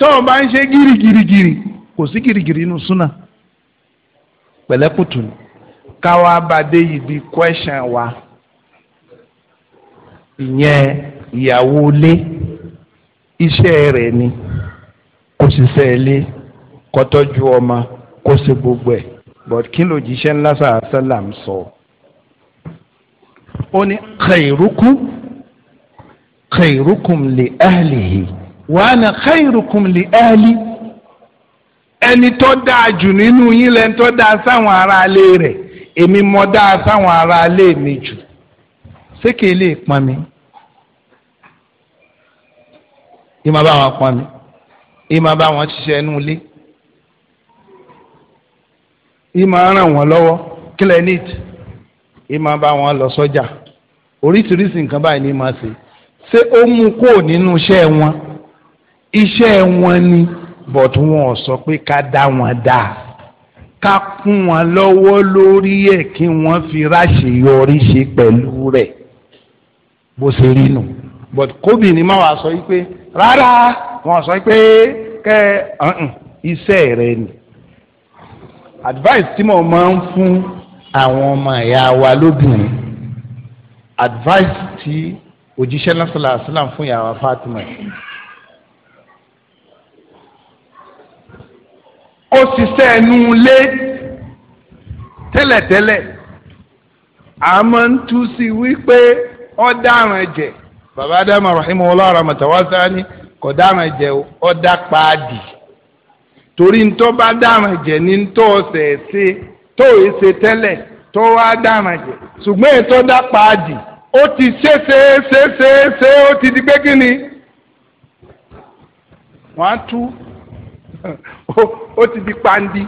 Speaker 1: tó bá ń ṣe gírígírígírí kò sí gírígírí inú súnà pẹ̀lẹ́kùtù ni káwa bá dé ibi question wa ìyẹn ìyàwó ilé iṣẹ́ rẹ̀ ni kò ṣiṣẹ́ ilé kó tọ́jú ọmọ kó ṣe gbogbo ẹ̀ but kí ló jíṣẹ́ ńlá sàásálàm sọ ó ní khairukum khairukum li ahlihi wa ana khairukum li ahli ẹni tó dáa jù nínú yín lẹni tó dáa sáwọn aráalé rẹ̀ èmi mo dáa sáwọn aráalé mi jù ṣé kìí lè mi ìmọ̀ bá wọn pọn mi ìmọ̀ bá wọn ṣiṣẹ́ inú ilé ìmọ̀ ràn wọ́n lọ́wọ́ kílẹ̀ ìmọ̀ bá wọn lọ sọ́jà oríṣiríṣi nǹkan báyìí ni màá ṣe ṣé ó mú kó nínú iṣẹ́ wọn iṣẹ́ wọn ni but wọn ò sọ pé ká dá wọn dá ká kún wọn lọ́wọ́ lórí ẹ̀ kí wọ́n fi ráṣeyọrí ṣe pẹ̀lú rẹ̀ bó ṣe rí nù but kóbìnrin máa wà sọ yìí pé rárá wọn sọ pé kẹ uh-uh, iṣẹ́ rẹ ni advice tí mo máa ń fún àwọn ọmọ ẹ̀yà wa lóbìnrin advice tí òjíṣẹ́ náà sọ̀rọ̀ àṣìlá fún ìyàwó Fatima ó ṣiṣẹ́ ẹnu lé tẹ́lẹ̀tẹ́lẹ̀ àmọ́ ń tú sí wípé ó dáràn jẹ bàbá adama rahim ọlọ́run mọ̀tàwọ́sá ni kò dáràn jẹ ó dá paadì torí ń bá dáràn jẹ ni ń ọ̀sẹ̀ ṣe tó ṣe tẹ́lẹ̀ tó wá dáràn ṣùgbọ́n ètò dá paadì ti ṣe ṣe ṣe ti di ó ti di pandi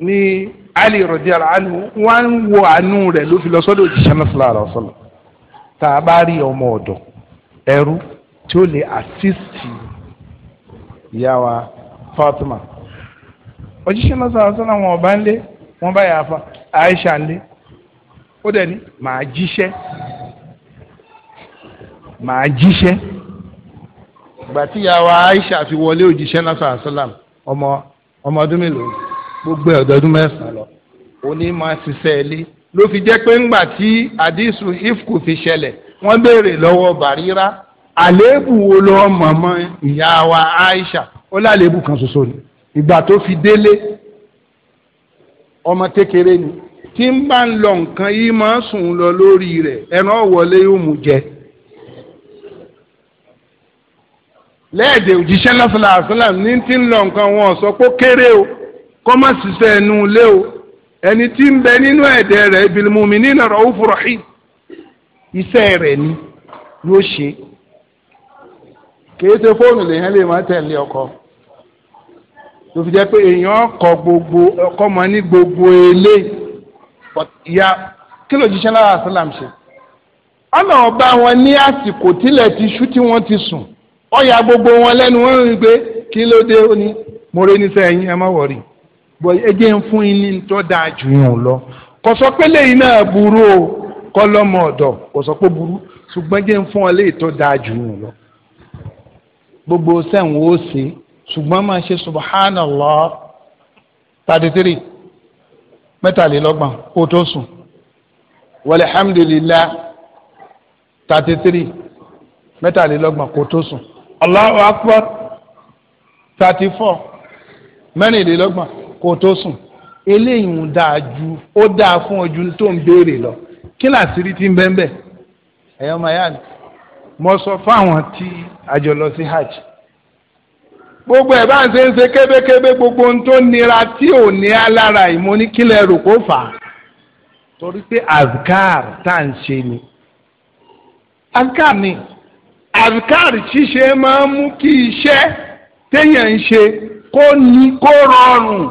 Speaker 1: ní ali radiyallahu anhu wọn ń wo àánú rẹ̀ ló fi lọ sọ́dọ̀ òjíṣẹ́ náà sallallahu alaihi wasallam tá a bá rí ọmọ ọ̀dọ̀ ẹrú tí ó lè àsísì ìyá wa Fatima òjíṣẹ́ náà sallallahu alaihi wasallam wọn ọba ń lé wọn bá yà fa Aisha ń lé ó dẹ̀ ní màá jíṣẹ́ màá jíṣẹ́ ìgbà tí wa Aisha fi wọlé òjíṣẹ́ náà sàlám ọmọ ọmọ ọdún mélòó gbogbo ọ̀dọ́dún mẹ́sàn-án lọ òní máa ṣiṣẹ́ ilé ló fi jẹ́ pé ńgbà tí àdísù ifku fi ṣẹlẹ̀ wọ́n béèrè lọ́wọ́ bàríra àléébù wo lọ mọ̀mọ́ ìyá wa Aisha ó lálébù kan ṣoṣo ni ìgbà tó fi délé ọmọ kékeré ni tí ń bá ń lọ nǹkan yìí máa ń sùn lọ lórí rẹ̀ ẹran wọlé yóò mú jẹ lẹ́ẹ̀dẹ̀ òjíṣẹ́ lọ́sọ̀lá àṣọlám ní tí ń lọ nǹkan wọn sọ pé kéré o kọ́ má ṣiṣẹ́ ẹnu lé o ẹni tí ń bẹ nínú ẹ̀dẹ̀ rẹ̀ bil mu'minina ra'ufur rahim iṣẹ́ rẹ̀ ni yóò ṣe kìí ṣe fóònù lèèyàn lè máa tẹ̀lé ọkọ tó fi jẹ́ pé èèyàn kọ gbogbo ọkọ mọ ní gbogbo ilé ìyá kí ló jíṣẹ́ lára àṣọlám ṣe ọ̀nà ọba wọn ní àsìkò tílẹ̀ ti ṣú tí wọ́n ti sùn ọ̀yà gbogbo wọn lẹ́nu wọn rí i pé kí ló dé ó ní mo rí níṣẹ́ yín ẹ má wọ̀rí bọ́ ẹ jẹ́ ń fún yín ní tó dáa jù yàn lọ kò sọ pé lẹ́yìn náà burú o kọ́ lọ́mọ ọ̀dọ̀ kò sọ pé burú ṣùgbọ́n jẹ́ ń fún ọ léyìí tó dáa jù yàn lọ gbogbo sẹ́wọ̀n ó ṣe ṣùgbọ́n máa ṣe subhanallah thirty three mẹ́tàlélọ́gbọ̀n kó tó sùn walhamdulillah thirty three mẹ́tàlélọ́gbọ̀n kó tó sùn. Allahu Akbar thirty four mẹ́rìnlélọ́gbọ̀n kò tó sùn eléyìí ń dáa ju ó dáa fún ojú tó ń béèrè lọ kí làásìrí ti ń bẹ́ẹ̀ bẹ́ẹ̀ ẹ̀yọ́ maya ni mo sọ fáwọn tí àjọ lọ sí hajj gbogbo ẹ̀ bá ń ṣe ń ṣe kébékébé gbogbo ohun tó nira tí ò ní alára ìmọ̀ ní kílẹ̀ rò kó fà á torí pé azkar tá à ń ṣe ni azkar ni àbíkárì ṣíṣe máa ń mú kí iṣẹ́ téèyàn ń ṣe kó ní kó rọrùn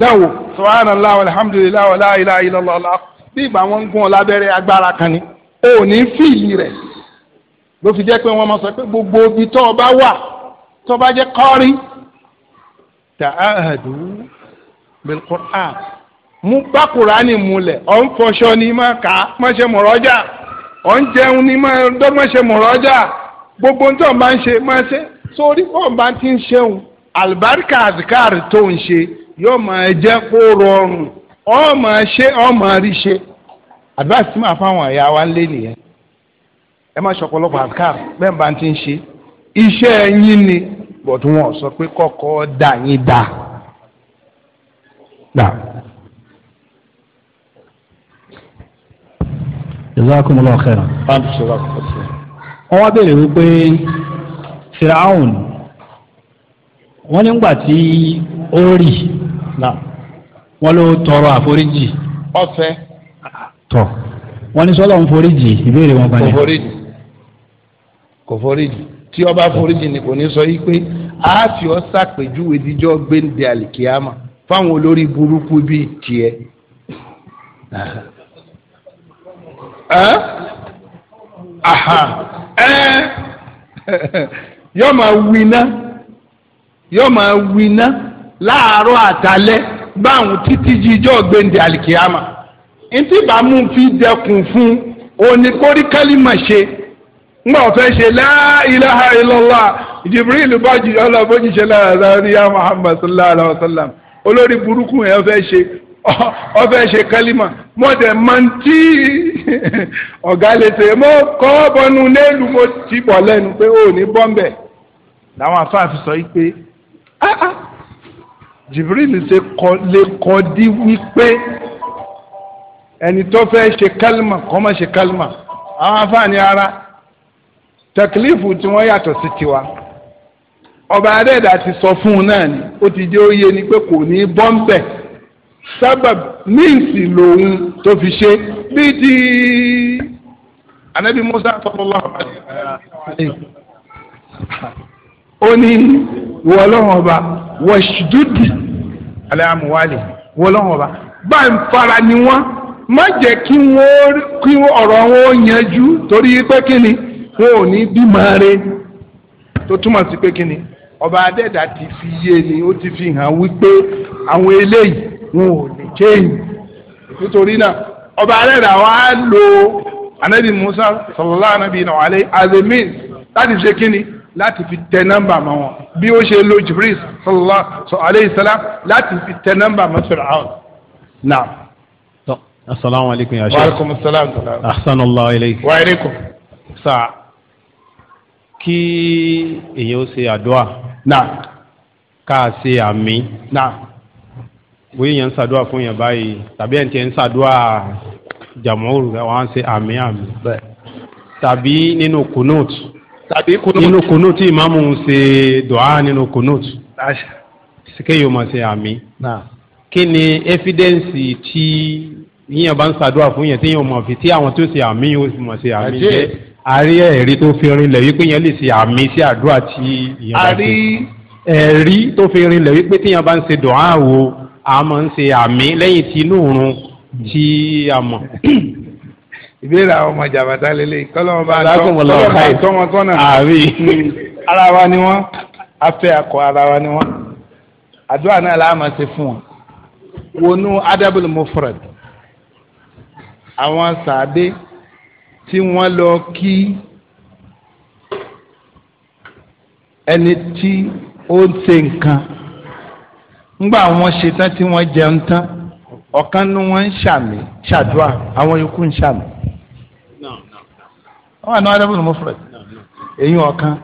Speaker 1: dáwò subhanallah walhamdulillah wala ilaha illallah bí ìgbà wọn ń gún ọ lábẹ́rẹ́ agbára kan ni ò ní fìlì rẹ̀ ló fi jẹ́ pé wọ́n máa sọ pé gbogbo ibi tó o wà tó o jẹ́ kọ́rí ta'ahadu bil Qur'an mú bá Kùránì múlẹ̀ ọ̀ ń fọṣọ ni má kà má ṣe mọ̀rọ́jà. ọ̀ ń jẹun ni máa dọ́gbọ́n ṣe mọ̀rọ́jà gbogbo ohun tí ọ̀ máa ń ṣe máa ṣe sórí bó bá ti ń ṣeun àlùbáríkà àdìkáàrì tó ń ṣe yóò máa jẹ́ kó rọrùn ọ̀ máa ṣe ọ̀ máa rí ṣe wa lé nìyẹn ẹ má bẹ́ẹ̀ bá ti ń ṣe iṣẹ́ yín ni bọ̀dún wọn sọ pé kọ́kọ́ dà yín dà.
Speaker 4: jazakumullahu khairan. wọ́n wá bèèrè wípé firaun wọ́n gbà tí ó rì wọ́n ló tọrọ àforíjì. ọ̀fẹ́. tọ wọ́n ní sọ́lọ́ ń foríjì ìbéèrè wọn balẹ̀.
Speaker 1: kò tí ọba foríjì ni kò ní sọ yí pé a fi ọ ṣàpèjúwe díjọ́ gbéǹde àlìkíyàmà fáwọn olórí burúkú bíi tiẹ̀. ẹ́ aha ẹ́ yọ́ máa winá yọ́ máa winá láàárọ̀ àtàlẹ́ báwọn títí jíjọ́ gbẹ̀ǹdẹ̀ àlìkìyàmà ntí bàmú fi dẹkùn fún oníkóríkálímà ṣe ngbà ọ̀fẹ́ ṣe la ilaha illallah jibril bájú ọlọ́bọ̀jì ṣe láàárọ̀ ya muhammad sallallahu alayhi wa sallam olórí burúkú yẹn fẹ́ ṣe ọfẹ ṣe kálímà mo dẹ mọtí ọgá lẹsẹ mo kọ bọnu lẹlu mo ti bọ lẹnu pé o ní bọmbẹ làwọn afáàfi sọ yìí pé ah, ah. Jibril ṣe kọ lè kọ dí wípé ẹni tó fẹ́ ṣe kálímà kọ́ má ṣe kálímà àwọn afáàní ara tẹkílífù tí wọ́n yàtọ̀ sí tiwa ọba adẹ́ẹ̀dá ti sọ fún un náà ni ó ti jẹ́ òye ni pé kò ní bọ́m̀bẹ̀ sábà míǹsì lòun tó fi ṣe bí ti anabi musa sallallahu alaihi ó ní wọlọ́wọ́n ọba wọ́ṣdúdì aláàmúwálì wọlọ́wọ́n ọba bá ń fara ni wọ́n má jẹ́ kí wọ́n kí ọ̀rọ̀ wọn yanjú torí pé kí ni wọn ò ní bímọ rẹ tó túmọ̀ sí pé kí ni ọba adẹ́dà ti fi yé ni ó ti fi hàn wípé àwọn eléyìí wọn ò lè change nítorí náà ọba alẹ́dàá wa lo anabi musa sallallahu anabi náà alẹ́ azemin láti ṣe kíni láti fi tẹ nọ́mbà mọ́ wọn bí ó ṣe lo jibril sallallahu alayhi salam láti fi tẹ nọ́mbà mọ́ fìràwọn
Speaker 3: náà. asalaamu aleykum yaa sheikh wa aleykum salaam ahsanallah ilayk wa aleykum sa kí èyí ó ṣe àdúrà náà ká ṣe àmì náà bóyá yẹn ń ṣàdúrà fún yẹn báyìí tàbí ẹ̀ ń tiẹ̀ ń ṣàdúrà jàmọ́rù rẹ̀ wọ́n á ṣe àmì àmì tàbí nínú kunut tàbí kunut nínú kunut ìmáàmù ń ṣe dùá nínú kunut kéèyàn máa ṣe àmì kí ni ẹ́fídẹ́ǹsì tí yíyan bá ń ṣàdúrà fún yẹn tí yíyan máa fi tí àwọn tó ṣe àmì yóò máa ṣe àmì jẹ́ àrí ẹ̀rí tó fi rinlẹ̀ wípé yẹn lè ṣe àmì sí àdúrà tí yíyan bá ṣe àrí ẹ̀rí tó fi rinlẹ̀ wípé tí yẹn bá ń ṣe dùá wo a máa ń ṣe àmì lẹ́yìn tí inú òrun tí a mọ̀.
Speaker 1: ìbéèrè àwọn ọmọ jàbàtà lélẹ̀ kọ́lọ́mọ bá tọ́ wọn
Speaker 3: tọ́nà
Speaker 1: ara wa ni wọ́n afẹ́ akọ ara wa ni wọ́n àdúrà náà la máa ṣe fún wọn. wọnú adabul mufrad àwọn sàdé tí wọ́n lọ kí ẹni tí ó ń ṣe nǹkan ńgbà wọn ṣetán tí wọ́n jẹun tán ọ̀kan nu wọn ń ṣàmì ṣàdúrà àwọn ikú ń ṣàmì. wọ́n wà ní adébọ̀lù mọ́fúrẹ́ èyí ọ̀kan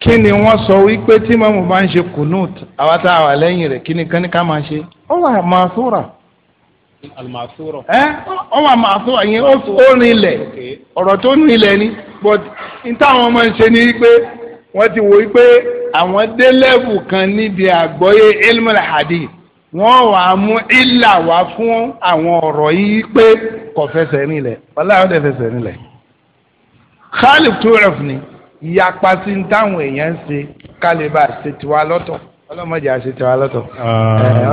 Speaker 1: kí ni wọ́n sọ wípé tí mọ́mú bá ń ṣe kùnúùt àwa tá a wà lẹ́yìn rẹ̀ kí ni kán ní ká máa ṣe ó wà máa sóra. ó wà máa sóra yẹn ó rin ilẹ̀ ọ̀rọ̀ tó rin ilẹ̀ ni but n táwọn ọmọ ń ṣe ni wípé wọ́n ti wò wípé àwọn délẹ́bù kan níbi àgbọ́yé ilmul hadith wọ́n wà á mú ìlà wá fún àwọn ọ̀rọ̀ yìí pé kò fẹsẹ̀ nílẹ̀ wàlá àwọn fẹsẹ̀ nílẹ̀. khalif turef ni ìyapa sí ń táwọn èèyàn ń ṣe kálíbà ṣe tiwa
Speaker 3: lọ́tọ̀ ọlọ́mọdé àṣẹ tiwa lọ́tọ̀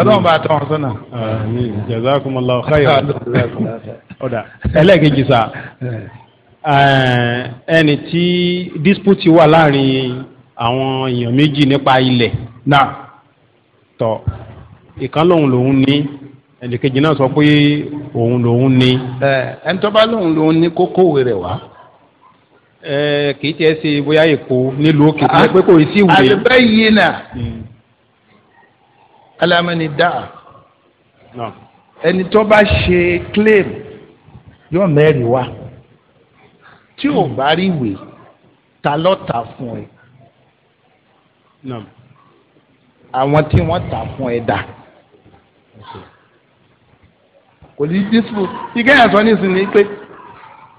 Speaker 3: ọlọ́mọdé àtọ́ wọn sọ́nà. jazakumullahu khairan ọ̀dà ẹlẹ́ẹ̀kejì sáà. Eh, ẹni tí dispute wà láàrin àwọn èèyàn méjì nípa ilẹ̀ náà tọ̀ ìkan lòun lòun ní ẹnìkejì náà sọ pé òun lòun ní.
Speaker 1: Eh, ẹni tó bá lòun lòun ní kókó rẹ̀ wá.
Speaker 3: Eh, kì í tiẹ̀ ṣe bóyá èkó nílùú òkè tó ah, yẹ pé kò sí ìwé. àlùbẹ́
Speaker 1: yìí nà alámẹ́ni dá ẹni tó bá ṣe claim yóò mẹ́rin wá tí ò bá rí ìwé ta lọ́ta fún
Speaker 3: ẹ
Speaker 1: àwọn tí wọ́n tà fún ẹ dà kò ní dísù ike yẹn sọ nísìnyí pé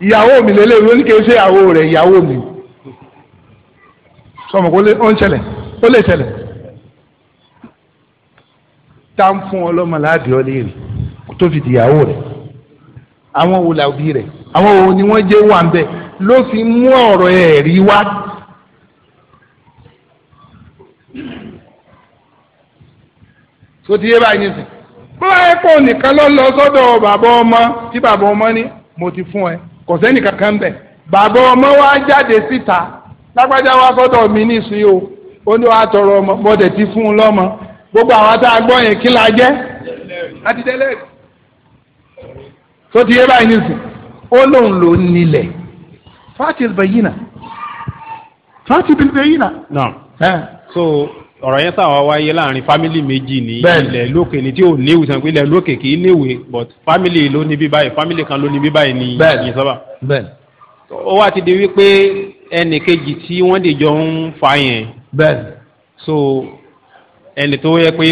Speaker 1: ìyàwó mi lélẹ́yìn ló ní kí n ṣe ìyàwó rẹ̀ ìyàwó mi sọmọ kó lè ń ṣẹlẹ̀ ó lè ṣẹlẹ̀ tá ń fún ọlọ́mọ láàbì ọlẹ́rìí kó tó fi di ìyàwó rẹ̀ àwọn wo làbí rẹ̀ àwọn wo ni wọ́n jẹ́ wà ń bẹ́ẹ̀ ló fi mú ọ̀rọ̀ ẹ̀rí wá. sotí yé báyìí nìsín bóyá ẹ̀kọ́ nìkan ló lọ sọ́dọ̀ bàbá ọmọ tí bàbá ọmọ ní mo ti fún ẹ kò sẹ́ni kankan bẹ̀ bàbá ọmọ wa jáde síta lágbájá wa sọ́dọ̀ mi nísìnyí o ó ní wàá tọrọ ọmọ mo dẹ̀ ti fún un lọ́mọ gbogbo àwọn tá a gbọ́ yẹn kí la jẹ́ àti délẹ̀ sotí yé báyìí nìsín ó lóun ló nílẹ̀ fati albayina fati bilbayina.
Speaker 3: naam so ọ̀rọ̀ yẹn sáà wáyé láàrin fámìlì méjì ní ilẹ̀ lókè ní tí ò níwèé sàn pé ilẹ̀ lókè kì í níwèé but fámìlì ló ní bí báyìí fámìlì kan ló ní bí báyìí ní ìyẹn sábà. bẹ́ẹ̀ ó wá ti di wípé ẹnì kejì tí wọ́n dìjọ ń fa yẹn. bẹ́ẹ̀ so ẹni tó yẹ pé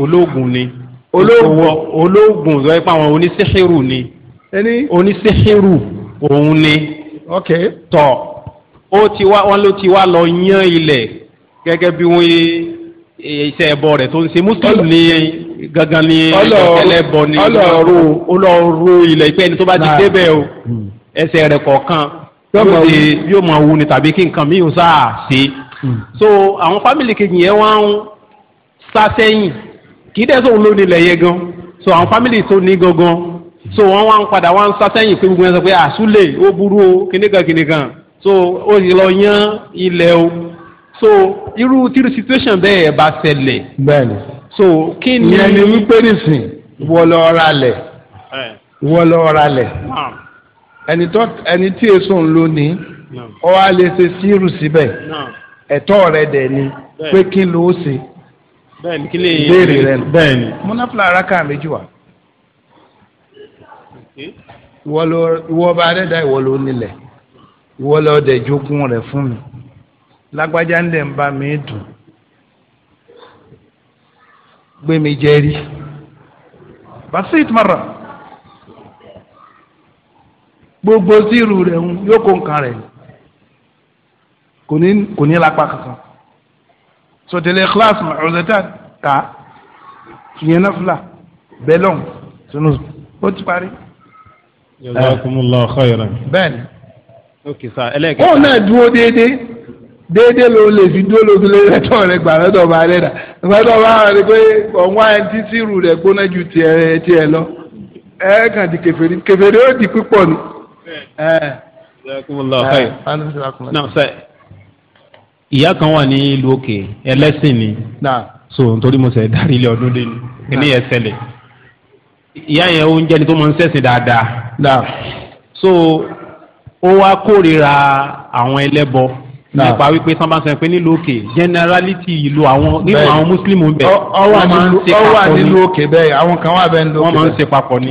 Speaker 3: olóògùn ni. olóògùn olóògùn sọ pé àwọn oníṣẹ́ṣẹ́rù ni. ẹni oníṣẹ́ṣẹ́rù òun ni ok tọ̀ ó ti wá wọn ló ti wá lọ yán ilẹ̀ gẹ́gẹ́ bí wọ́n yé eh, iṣẹ́ ẹbọ rẹ̀ tó ń ṣe muslim ni gangan ni ẹlẹ́bọ ni ó lọ ro ilẹ̀ ìpẹ́ ẹni tó bá ti débẹ̀ o hmm. ẹsẹ̀ rẹ̀ kọ̀ọ̀kan yóò máa wù ni tàbí kí nǹkan mi sáà ṣe hmm. so àwọn fámìlì kejì yẹn wá ń sá sẹ́yìn kì í dẹ́ sóun ló nílẹ̀ yẹn gan so àwọn fámìlì tó ní gangan so wọ́n wá ń padà wá ń sá sẹ́yìn pé gbogbo yẹn sọ pé àsúlè ah, ó burú o kìnìkan kìnìkan so ó sì lọ yán ilẹ̀ o so irú tíru situation bẹ́ẹ̀ ẹ̀ bá ṣẹlẹ̀. so kí ni. ìyẹn ni wípé nìsín wọ́n lọ ra lẹ̀
Speaker 1: wọ́n lọ ra lẹ̀ ẹni tó ẹni tí èso ń lò ní ọ wá lè ṣe sírù síbẹ̀ ẹ̀tọ́ rẹ̀ dẹ̀ ni pé kí ló ṣe béèrè rẹ̀ nù. bẹ́ẹ̀ni múnáfìlà ara kan méjì wá. Hmm? ìwọ ọba adẹ́dá ìwọ ló nílẹ̀ ìwọ ló dẹ̀ jogún rẹ̀ fún mi lágbájá ń dẹ̀ ń bá mi dùn gbé mi jẹ rí basit mara gbogbo sírù rẹ̀ ń yóò kó nǹkan rẹ̀ kò ní kò ní lápá kankan sọtẹ́lẹ̀ kíláàsì ọ̀rẹ́dá ká ìyẹn náà fúlà bẹ́lọ̀n sínú ó ti parí
Speaker 3: jazakumullahu khairan.
Speaker 1: bẹ́ẹ̀ni. ok sa ẹlẹ́gẹ̀ta. ó náà dúró déédéé déédéé ló lè fi dúró lóbi lórí ẹ̀tọ́ rẹ̀ gbà lọ́dọ̀ bá rẹ̀ dà lọ́dọ̀ bá rẹ̀ pé ọ̀wọ́n ẹni tí sírù rẹ̀ gbóná ju tiẹ̀ tiẹ̀ lọ ẹ̀ kàn di kèfèrí kèfèrí ó di pípọ̀ ni.
Speaker 3: jazakumullahu khairan. náà sẹ́ ìyá kan wà ní ìlú òkè ẹlẹ́sìn ni so nítorí mo sẹ̀ dárí ilé ọdún dé ni kí ni ẹ ṣẹlẹ̀ ìyá yẹn ó ń jẹ́ni tó máa ń ṣẹ̀sìn dáadáa. so ó wá kórìíra àwọn ẹlẹ́bọ nípa wípé sábà sọ pé nílùú òkè generality ìlú àwọn nínú àwọn mùsùlùmí bẹ wọ́n máa ń ṣe papọ̀ ni wọ́n máa ń ṣe papọ̀ ni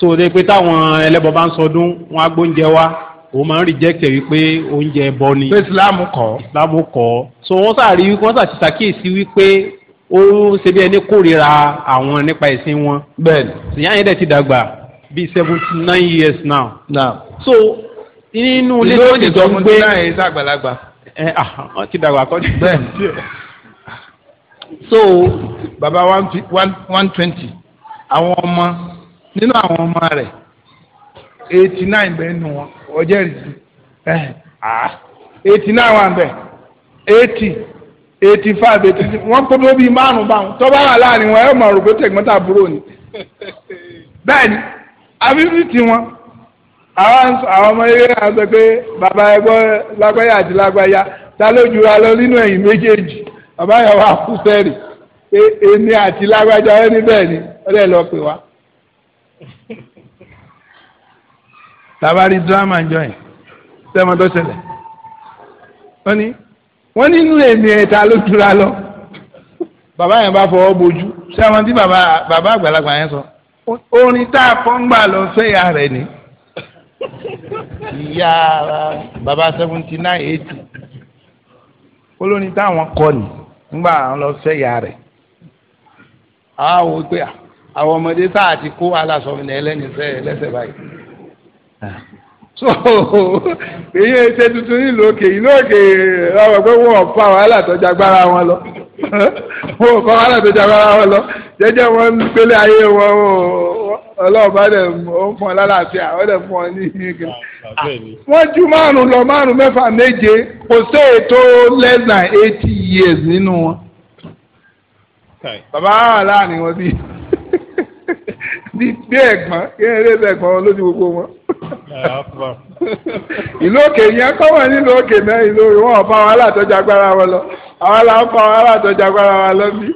Speaker 3: so de pé táwọn ẹlẹ́bọ bá ń sọdún wọn á gbóúnjẹ wá òun máa ń rìjẹ́kẹ̀ wípé oúnjẹ ẹbọ ni. pé islam kọ́. islam kọ́ so wọ́n sàrí wọ́n sàti wípé ó ń ṣe bí ẹni kórìíra àwọn nípa ẹ̀sìn wọn. bẹ́ẹ̀ni. ìyá yẹn dẹ̀ ti dàgbà bíi seventy nine years now. now. so nínú ilé tó ń jẹ́ tó ń gbé. ìlú òyìnbó ń gbé àgbàlagbà. ẹ ah wọ́n ti dàgbà kọ́ bẹ́ẹ̀ni.
Speaker 1: so. baba one twenty àwọn ọmọ
Speaker 3: nínú àwọn ọmọ rẹ̀
Speaker 1: eighty nine bẹ́ẹ̀ nù wọn ọjọ́ ìrìn ah, eighty nine wà bẹ́ẹ̀ eighty eighty five eighty six wọ́n kó tó bíi márùn-ún báwọn tó bá wà láàrin wọn ẹ mọ̀ rò pé tẹ̀gbọ́ntà búrò ni bẹ́ẹ̀ ni àbíbí ti wọn àwọn ọmọ eré náà sọ pé bàbá ẹgbọ́ lágbáyà àti lágbáyà ta ló ju alọ nínú ẹ̀yìn méjèèjì bàbá yẹn wà kú sẹ́rì e, èmi àti lágbájá ẹni bẹ́ẹ̀ ni ọlẹ́ lọ pè wá. tabari drama join sẹ́mọ́tò ṣẹlẹ̀ wọ́n ní wọ́n nínú èmi ẹ̀ta ló tura lọ bàbá yẹn bá fọwọ́ bojú ṣé àwọn tí bàbá bàbá àgbàlagbà yẹn sọ orin tá a fọ́n gbà lọ sẹ́yà rẹ̀ ni ìyá bàbá seventy nine eighty olórin táwọn kọ ni ńgbà àwọn lọ sẹ́yà rẹ̀ àwa wò pé àwọn ọmọdé tá a ti kó aláṣọ ilẹ̀ ẹlẹ́ni sẹ́yà ẹlẹ́sẹ̀ báyìí so èyí ṣe tuntun nílùú òkè ìlú òkè ọmọ pé wọn ò fa wàhálà tó jagbára wọn lọ wọn ò fa wàhálà tó jagbára wọn lọ jẹjẹ wọn ń gbélé ayé wọn ọlọ́ọ̀bá dẹ̀ ó ń fún ọ lálàáfíà ó dẹ̀ fún ọ ní ìgbà ah, wọ́n ju márùn lọ márùn mẹ́fà méje kò sí ètò less than eighty years nínú wọn bàbá wà láàrin wọn bíi bíi ẹ̀gbọ́n kí ẹ lè bẹ̀ ẹ̀gbọ́n lójú gbogbo wọn. ìlú òkè yẹn kọ́mọ̀ nílò òkè náà ìlú ìwọ̀n ọ̀fà wọn alátọ́jà agbára wọn lọ àwọn aláǹfà wọn alátọ́jà agbára wọn lọ bí.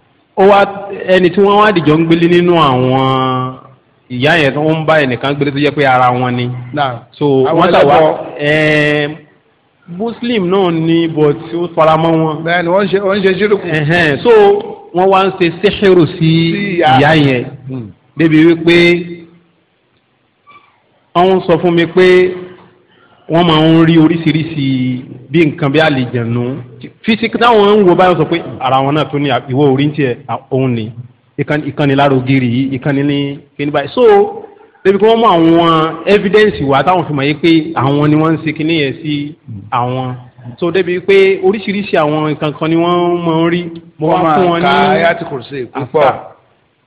Speaker 3: ó wá ẹni tí wọ́n wá dìjọ́ ń gbélé nínú àwọn ìyá yẹn tó ń bá ẹnìkan gbélé tó jẹ́ pé ara wọn ni. so wọ́n tà wá muslim náà ni but ó faramọ́ wọn. bẹ́ẹ̀ni wọ́n ṣe wọ́n ṣe ṣírùkù. so wọ́n wá ń ṣe sẹ́ṣẹ̀rù sí ìyá yẹn hmm. débi wípé àwọn sọ fún mi pé wọ́n máa ń rí oríṣiríṣi bí nǹkan bí àlejànú fisiki táwọn ń wo báyọ̀ sọ pé ara wọn náà tún ní ìwọ orí ń tiẹ̀ òun ni ìkànnì lára ìkànnì ní kíní báyìí so débi kí wọ́n mú àwọn evidence wá táwọn fi mọ̀ yé pé àwọn ni wọ́n ń ṣe kíní yẹn sí àwọn so débi pé oríṣiríṣi àwọn nǹkan kan ni wọ́n máa ń rí mo wá fún wọn ní
Speaker 1: àká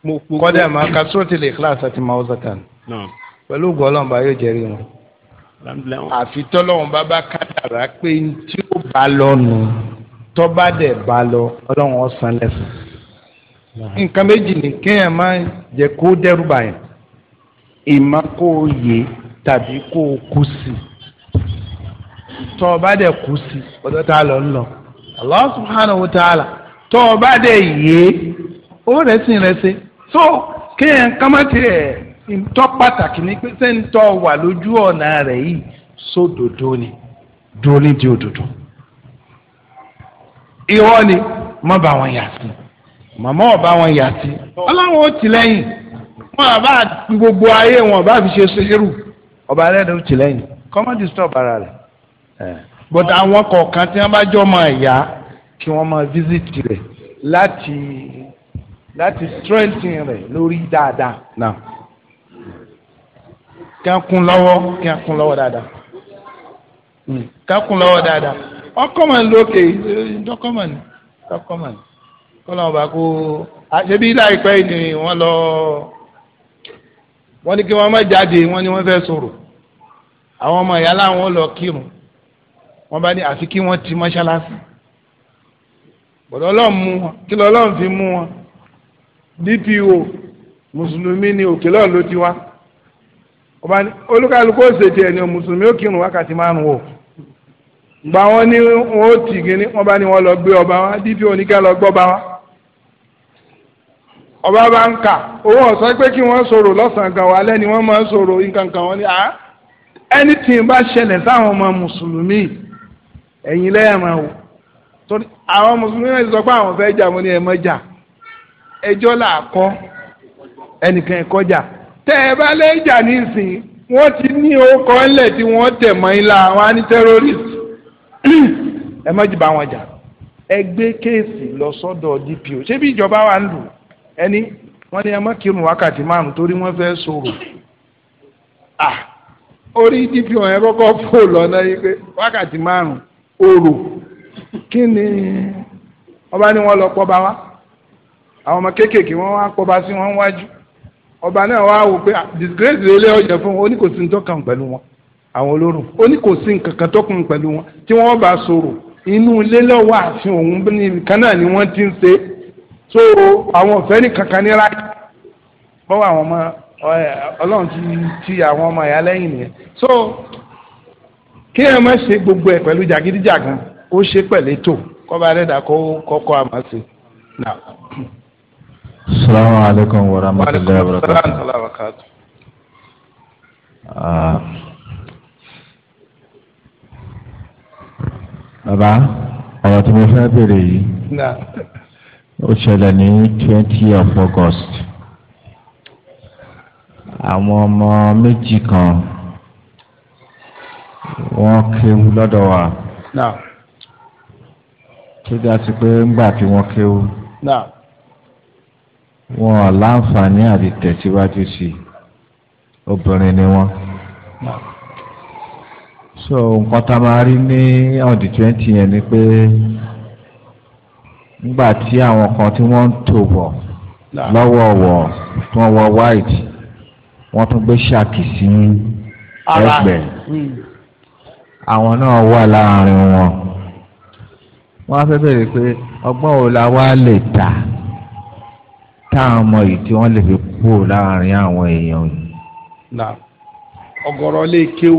Speaker 3: mo kọ́dà máa ka sóòtì lè kíláàsì àti máa ó zàtàn pẹ̀lú ògùn ọlọ́run bá yóò jẹ́rìí wọn.
Speaker 1: àfi tọ́lọ́run bá bá kádàrá pé tí ó bá lọ nù tọ́ba dẹ̀ bá lọ ọlọ́run san lẹ́san. nǹkan méjì ni kéèyàn máa jẹ kó dẹ́rù báyìí ìmọ̀ kó o yè tàbí kó o kú sí tọ́ba dẹ̀ kú sí ọjọ́ tá a lọ ń lọ Allah subhanahu wa ta'ala tọ́ba dẹ̀ yé ó rẹ̀ sìn rẹ̀ ṣe so kéèyàn kámẹ́tì ẹ̀. ntọ́ pàtàkì ni pé sẹ́ńtọ́ wà lójú ọ̀nà rẹ̀ yìí sódòdó ni dúró ní di òdòdó. irọ́ ni má bá wọn yà sí màmá ọba wọn yà sí ọlọ́run ó tì lẹ́yìn wọn àbá gbogbo ayé wọn ọba fi ṣe ṣerú ọba ẹlẹ́dàá ó tì lẹ́yìn kọ́mọ́ disturb ara rẹ̀ but àwọn kọ̀ọ̀kan tí wọ́n bá jọ máa yá kí wọ́n máa visit rẹ̀ láti láti strengthen rẹ̀ lórí dáadáa náà. kí a kún lọ́wọ́ kí a kún lọ́wọ́ dáadáa hmm. kí a kún lọ́wọ́ dáadáa ọkọ̀mọ̀ lókè dọ́kọ̀mọ̀ ni dọ́kọ̀mọ̀ ni kọ́lá ọba kó àṣebí láìpẹ́ ni wọ́n lọ wọ́n ní kí wọ́n má jáde wọ́n ní wọ́n fẹ́ sọ̀rọ̀ àwọn ọmọ ìyá láwọn lọ kírun wọ́n bá ní àfi kí wọ́n ti mọ́ṣáláṣí bọ̀dọ̀ ọlọ́run mú wọn kí lọ́ọ́ ọlọ́run fi mú wọn dpo mùsùlùmí ni òkè lọ́ọ̀ ló ti wá. ọba ose olúkàlùkù òṣèjì mùsùlùmí ó kírun wákàtí márùn o gba wọn ni wọn ó tì gíní wọn bá ní wọn lọ gbé ọba wa dípò oníkẹ lọ ọba bá ń kà owó ọ̀sán pé kí wọ́n sọ̀rọ̀ lọ́sàn-án wa lẹ́ni wọ́n máa ń nǹkan kan wọn ni à anything bá ṣẹlẹ̀ sáwọn ọmọ mùsùlùmí ẹ̀yin lẹ́yìn máa wò torí àwọn mùsùlùmí náà sọ pé àwọn fẹ́ jà ẹ̀ tẹ́ ẹ bá lé ìjà nísìn wọ́n ti ní orúkọ ńlẹ̀ tí wọ́n tẹ̀ mọ́ ilá àwọn anitẹ́rọ́rìsì ẹ má jìbá wọn jà ẹ gbé kéèsì lọ sọ́dọ̀ DPO ṣé bí ìjọba wa ń lù ẹni wọ́n ní ẹ má kírun wákàtí márùn torí wọ́n fẹ́ sọ̀rọ̀ ah orí DPO yẹn kọ́kọ́ fò lọ́nà yìí pé wákàtí márùn òrò kí ni ọba ni wọ́n lọ pọ́ba wa àwọn ọmọ kéékèèké wọ́n wá pọ́ba sí wọn wájú ọba náà wá wò pé ah, disgrace lè lé ọjà fún wọn ó ní kò sí nǹkan kan pẹ̀lú wọn àwọn olórùn ó ní kò sí nǹkan kan tó pẹ̀lú wọn tí wọ́n bá sọ̀rọ̀ inú ilé lọ́wọ́ àfin òun nìkan náà ni wọ́n ti ń ṣe so àwọn ọ̀fẹ́ nìkan kan ní ráì bọ́wọ́ àwọn ọmọ ọlọ́run ti ti àwọn ọmọ ìyá lẹ́yìn nìyẹn so kí ẹ má ṣe gbogbo ẹ̀ pẹ̀lú jàgídíjàgan ó ṣe pẹ̀lẹ́tò kọ́ba rẹ̀ dà kó kọ́kọ́ àmọ́ sí Assalamu
Speaker 2: alaikum wa rahmatullahi wa
Speaker 1: barakatuh.
Speaker 2: Bàbá ah, ọ̀rọ̀ tí mo fẹ́ bèrè yìí ó ṣẹlẹ̀ ní twenty of August àwọn ọmọ méjì kan wọ́n kéwú lọ́dọ̀ wa tó dá sí pé ńgbà tí wọ́n kéwú. Nah wọn láǹfààní àti tẹ̀síwájú sí i obìnrin ni wọn. so nǹkan tá a máa rí ní on the twenty yẹn ni pé nígbà tí àwọn kan tí wọ́n ń tò lọ́wọ́ọ̀wọ́ tí wọ́n wọ white wọ́n tún gbé ṣáàkì sí ẹgbẹ́ hmm. àwọn náà wà láàrin wọn wọ́n á fẹ́ bẹ̀rẹ̀ pé ọgbọ́n wo la lè ta. táwọn ọmọ yìí tí wọ́n lè fi kúrò láàrin àwọn èèyàn yìí.
Speaker 1: na. ọgọrọ lè kéw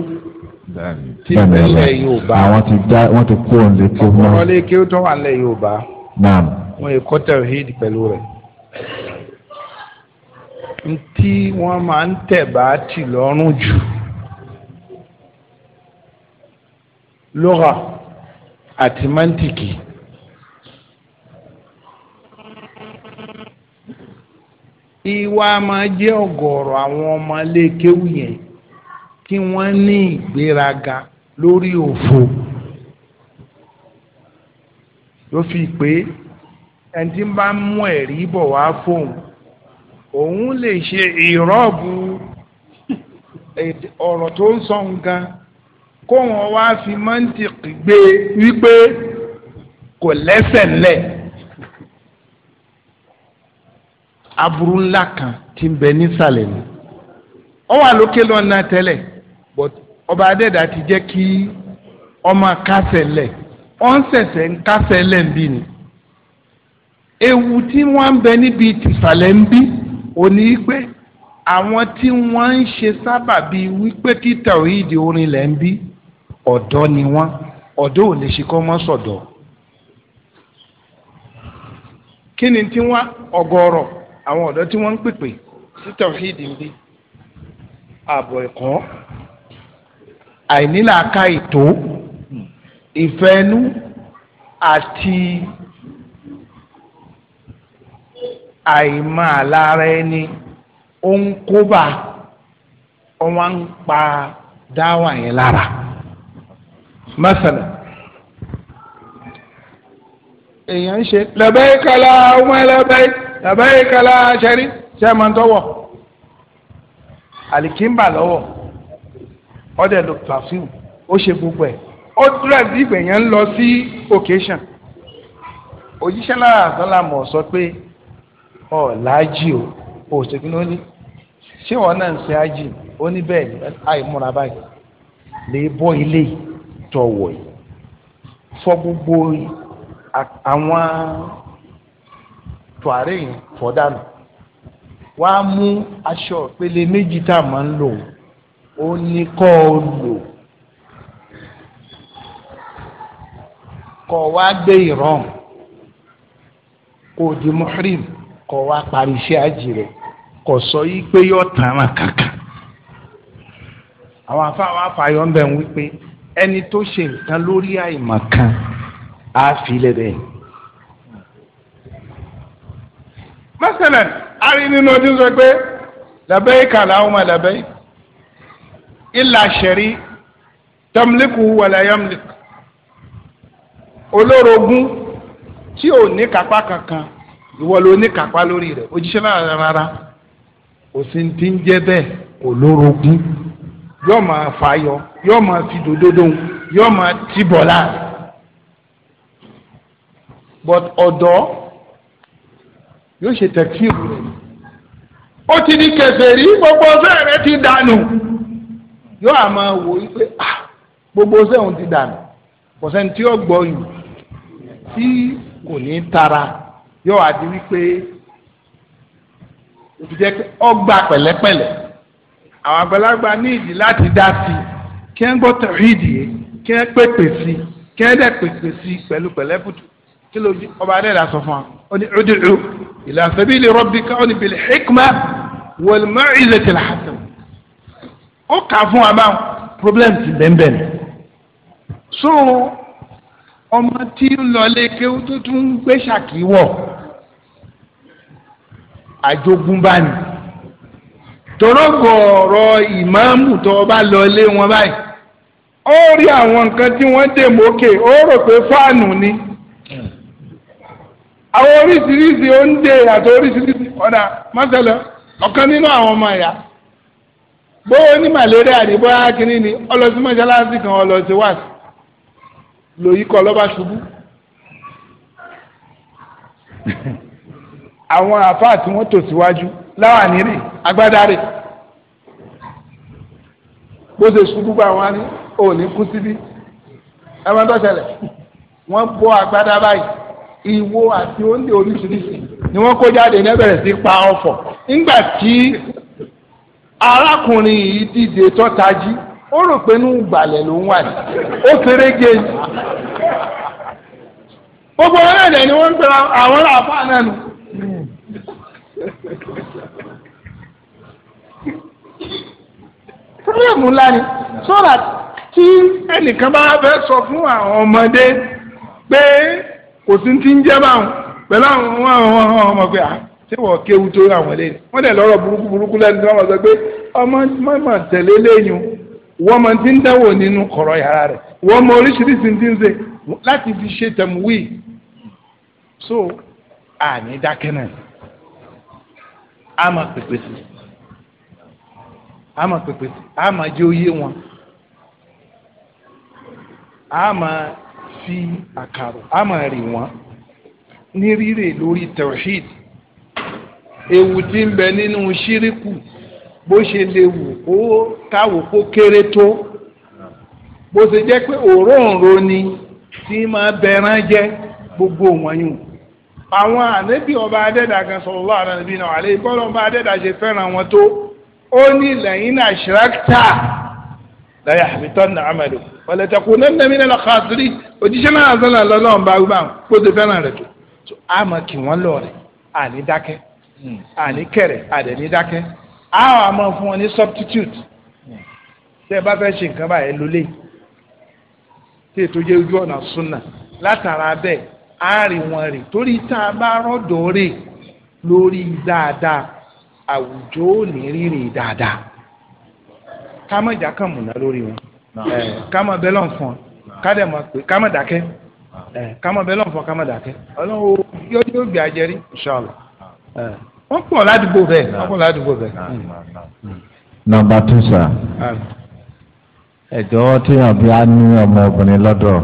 Speaker 1: tí ìpínlẹ̀ Yorùbá àwọn ti dá ti pẹ̀lú rẹ̀. ntí wọn máa ń tẹ̀ bá lọ́rùn jù. ìwà máa jẹ́ ọ̀gọ̀ọ̀rọ̀ àwọn ọmọ lékéwù yẹn kí wọ́n ní ìgbéraga lórí òfò ló fi pé ẹni tí ń bá mú ẹ̀rí bọ̀ wá fóun òun lè ṣe ìrọ́bù ọ̀rọ̀ tó ń sọ nǹkan kó wá fi mọ́ǹtì gbé wípé kò lẹ́sẹ̀ ńlẹ̀. aburú ńlá kan tí ń bẹ nísàlẹ̀ ni ó wà lókè lọ́nà tẹ́lẹ̀ but ọba adẹ́dà ti jẹ́ kí ọmọ kásẹ̀ lẹ̀ ọ́n ṣẹ̀ṣẹ̀ ń kásẹ̀ lẹ̀ ń bí ni ewu tí wọ́n ń bẹ níbi tìsàlẹ̀ ń bí òní pé àwọn tí wọ́n ń ṣe sábàbí wípé kí tàwíìdì orin lẹ̀ ń bí ọ̀dọ́ ni wọ́n ọ̀dọ́ ò lè ṣe kọ́ mọ́ sọ̀dọ̀ kí ni tí wọ́n ọgọ́rọ̀ àwọn ọ̀dọ́ tí wọ́n ń pèpè sí tọ́hídì ń bí ààbọ̀ ẹ̀kọ́ àìnílàáká ètò ìfẹ́nú àti àìmọ̀ àlára ẹni ó ń kóbá ọwọ́n ń pa dáwà yẹn lára. Mẹ́sàlẹ̀ èèyàn ń ṣe labbaik Allahumma labbaik labẹ́yìká la ṣẹ́rí ṣe é alikimba ń tọ́wọ̀ àlìkínbà lọ́wọ́ ọdẹ ló pàṣíwù ó ṣe gbogbo ẹ̀ ó dúró àti ìgbẹ̀yẹn ń lọ sí occasion òjíṣẹ́ lára àtọ́lá sọ pé ọ̀ láàjì o ò ṣèkí ló ní ṣé wọn náà ń ṣe ájì ó ní bẹ́ẹ̀ ni àìmúra báyìí lè bọ́ ilé tọ̀wọ̀ yìí fọ gbogbo àwọn tùwárẹ̀ yìí wá mú aṣọ ìpele méjì tá a máa ń lò ó ní kọ́ ọ lò kọ́ wá gbé kò di muhrim kọ́ wá parí iṣẹ́ àjì rẹ̀ sọ yìí pé yóò àwọn afáwọn ń bẹ̀ ń ẹni tó ṣe nǹkan lórí á fi mọ́sálẹ̀ àrí nínú ọdún sọ pé labẹ́yìká làwọn máa labẹ́yì ilà ṣẹ̀rí tọ́mlíkù wàlà yọ́mlíkù olórogún tí ò ní kápá kankan ìwọ ló ní kápá lórí rẹ̀ òjíṣẹ́ náà rárá òsín tí ń jẹ́ bẹ́ẹ̀ olórogún yóò máa fàyọ yóò máa fi dòdòdò yóò máa tìbọ̀ láàrin but ọ̀dọ́ yóò ṣe tẹ̀kíìrù rẹ̀ ó ti di kèfèrí gbogbo ọ̀sẹ̀ rẹ̀ ti dànù yóò à máa wò ó pé gbogbo ọ̀sẹ̀ òun ti dànù kọ̀sẹ́ni tí ó gbọ́ tí kò ní tara yóò wá di wípé òtítẹ́ ọgbà pẹ̀lẹ́pẹ̀lẹ́ àwọn àgbàlagbà ní ìdí láti dá sí kí wọ́n gbọ́ tẹ̀rí ìdí kí wọ́n pèpè sí kí wọ́n dẹ̀ pèpè sí pẹ̀lú pẹ̀lẹ́pùtù kí ló di ọba adẹ́dà sọ fún wa ó ní ud'u ila sabili rabbika ó ní bil hikma wal ma'izati al ó kà fún wa báwọn problem ti bẹ́ẹ̀ so ọmọ tí ń lọlé kéwú tó tún ń gbé ṣàkíwọ̀ àjogúnbá ni tọ́rọ́gọ̀ọ̀rọ̀ ìmáàmù tó bá lọlé wọn báyìí ó rí àwọn nǹkan tí wọ́n dè mókè ó rò pé fáànù ni àwọn oríṣiríṣi oúnjẹ àti oríṣiríṣi ọ̀dà mọ́sálẹ̀ ọ̀kan nínú àwọn ọmọ ẹ̀yà bóyá ní malaria ni bóyá kínní ni ọlọ́sí mọ́ṣáláṣí kan ọlọ́sí wà lòyí kọ́ lọ́ba ṣubú. àwọn àfáà tí wọ́n tò síwájú láwà nírì agbádá rè bó ṣe ṣubú bá wọn ní òní kú síbí ẹ máa tọ́ ṣẹlẹ̀ wọ́n bọ́ agbádá báyìí ìwo àti oúnjẹ oríṣiríṣi ni wọ́n kó jáde ní ẹ̀bẹ̀rẹ̀ sí pa ọ̀fọ̀ nígbà tí arákùnrin yìí dìde tó tají ó rò pé inú gbàlẹ̀ ló ń wà ní ó fẹ́rẹ́ gé e gbogbo ọ̀rẹ́dẹ̀ ni wọ́n ń pera àwọn àfa náà nù. fúlẹ̀mù ńlá ni sọ́ra tí ẹnìkan bá fẹ́ sọ fún àwọn ọmọdé pé kò sí ti ń jẹ́ báwọn pẹ̀lú àwọn àwọn ọmọ pé à ṣé wọ́n kéwu tó àwọn lẹ́yìn wọ́n dẹ̀ lọ́rọ̀ burúkú burúkú lẹ́nu tí wọ́n máa sọ pé ọmọ mọ̀mọ́ tẹ̀lé lẹ́yìn wọ́n máa ti ń dáwò nínú kọ̀rọ̀ yàrá rẹ̀ wọ́n mọ oríṣiríṣi ti ń ṣe láti fi ṣe tẹ̀mú so àní dákẹ́ náà a máa pèpè sí a máa pèpè sí a máa jẹ́ oyé wọn a sí àkàrò a máa rì wọn ní rírè lórí tawhid ewu ti ń bẹ nínú ṣíríkù bó ṣe lè wù ó káwò kó kéré tó bó ṣe jẹ́ pé òróǹro ni tí máa bẹran jẹ́ gbogbo wọ̀nyún àwọn ànábì ọba adẹ́dà kan sallallahu àlẹ́ ìbọ́lọ́ ọba adẹ́dà ṣe fẹ́ràn wọn tó ó ní lẹ́yìn náà la yahbitanna amalu wala takunanna mina al-khasirin òjíṣẹ́ náà sọ̀rọ̀ lọ́lọ́run bá gbà kó tó fẹ́ràn rẹ̀ tó àmọ́ kí wọ́n lọ rẹ̀ àní dákẹ́ àní hmm. kẹrẹ̀ àdẹ̀ní dákẹ́ àwọn àmọ́ fún wọn ní substitute hmm. tẹ́ ẹ bá fẹ́ ṣe nǹkan báyẹn lólè tí ètò jẹ́ ojú ọ̀nà súnà látara bẹ́ẹ̀ àárín wọn rè torí tá a bá rọ́dọ̀ rè lórí dáadáa àwùjọ ò ní rírì dáadáa ká má jà kàn múná lórí wọn eh, ká má bẹ́ lọ́n fún ọ ká dẹ̀ mọ̀ pé ká má dákẹ́ eh, ká má bẹ́ lọ́n fún ọ ká má dákẹ́ ọlọ́run yóò yóò gbé ajẹ́rí inshallah eh, wọ́n pọ̀ ládùúgbò bẹ́ẹ̀ wọ́n pọ̀ ládùúgbò bẹ́ẹ̀. nọ́mbà hmm. hmm.
Speaker 2: tù bí a ní ọmọ obìnrin lọ́dọ̀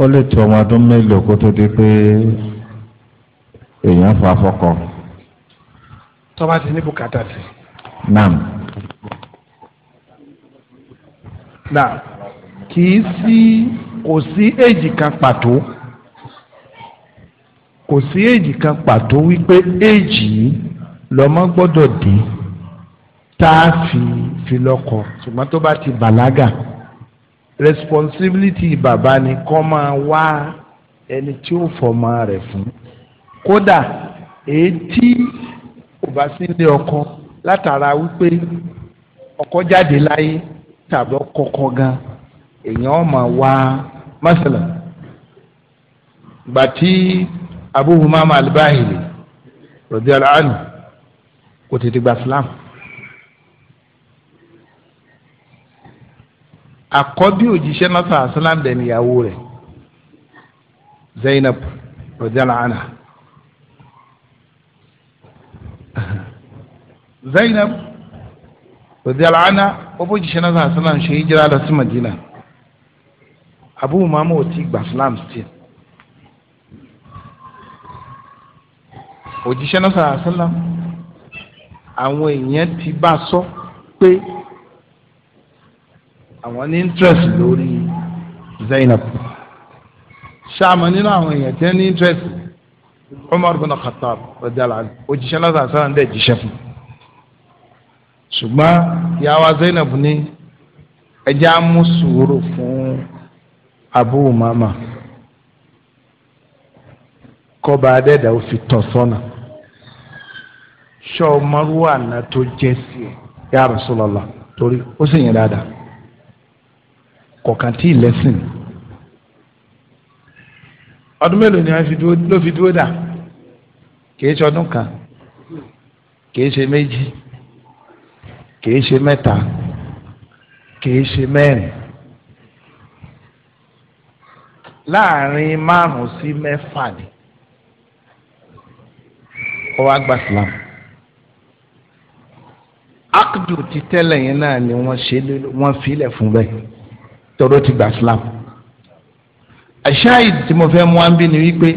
Speaker 2: ó lè tó ọmọ ọdún mélòó kó tó di pé èèyàn fa fọkọ.
Speaker 1: tọ́ba ti ní bùkátà sí. naam na kì í sí kò sí èjì kan pàtó kò sí èjì kan pàtó wípé èjì lọ́mọ gbọ́dọ̀ dín tá a fi fi lọ́kọ ṣùgbọ́n tó bá ti bàlágà responsibility bàbá ni kó máa wá ẹni tí ó fọmọ rẹ̀ fún kódà èyí kò bá sí ilé ọkọ látara wípé ọkọ jáde láyé tàbí kọ́kọ́ gan èèyàn ọmọ wa mọ́sálà gbàtí Abu Humama al-Bahili radiyallahu anhu kò tètè gba Islam. àkọ́bí òjíṣẹ́ náà asalaam dẹ̀ níyàwó rẹ̀ Zainab radiyallahu ana Zainab radiyallahu ana ó bójú ṣe náà sàlám ṣe hijira lọ sí Madina Abu Umama ò tí gbà sàlám still òjíṣẹ́ náà sàlám àwọn èèyàn ti bá sọ pé àwọn ní interest lórí Zainab ṣáàmù nínú àwọn èèyàn tí wọ́n ní interest Umar bin Khattab radiyallahu anhu òjíṣẹ́ náà sàlám dẹ̀ jíṣẹ́ fún un ṣùgbọ́n yàwá Zainab ní ẹjẹ́ á mú sùúrù fún Abu Umama kọba adẹ́dà ó fi tọ̀ sọ́nà ṣọ́ ọmọrúwà náà tó jẹ́ sí ẹ̀ ya Rasulullah torí ó sì yẹn dáadáa kọ̀ọ̀kan tí ì lẹ́sìn ọdún mélòó ni wọ́n ló fi dúró dà kì í ṣe ọdún kan kì ṣe méjì kìí ṣe mẹ́ta kìí ṣe mẹ́rin láàrin márùn sí mẹ́fà ni ó wá gba Islam akudu ti tẹ́lẹ̀ yẹn náà ni wọ́n ṣe wọ́n filẹ̀ fún bẹ́ẹ̀ tọ́rọ ti gba Islam àṣàyí tí mo fẹ́ mú wá ni wípé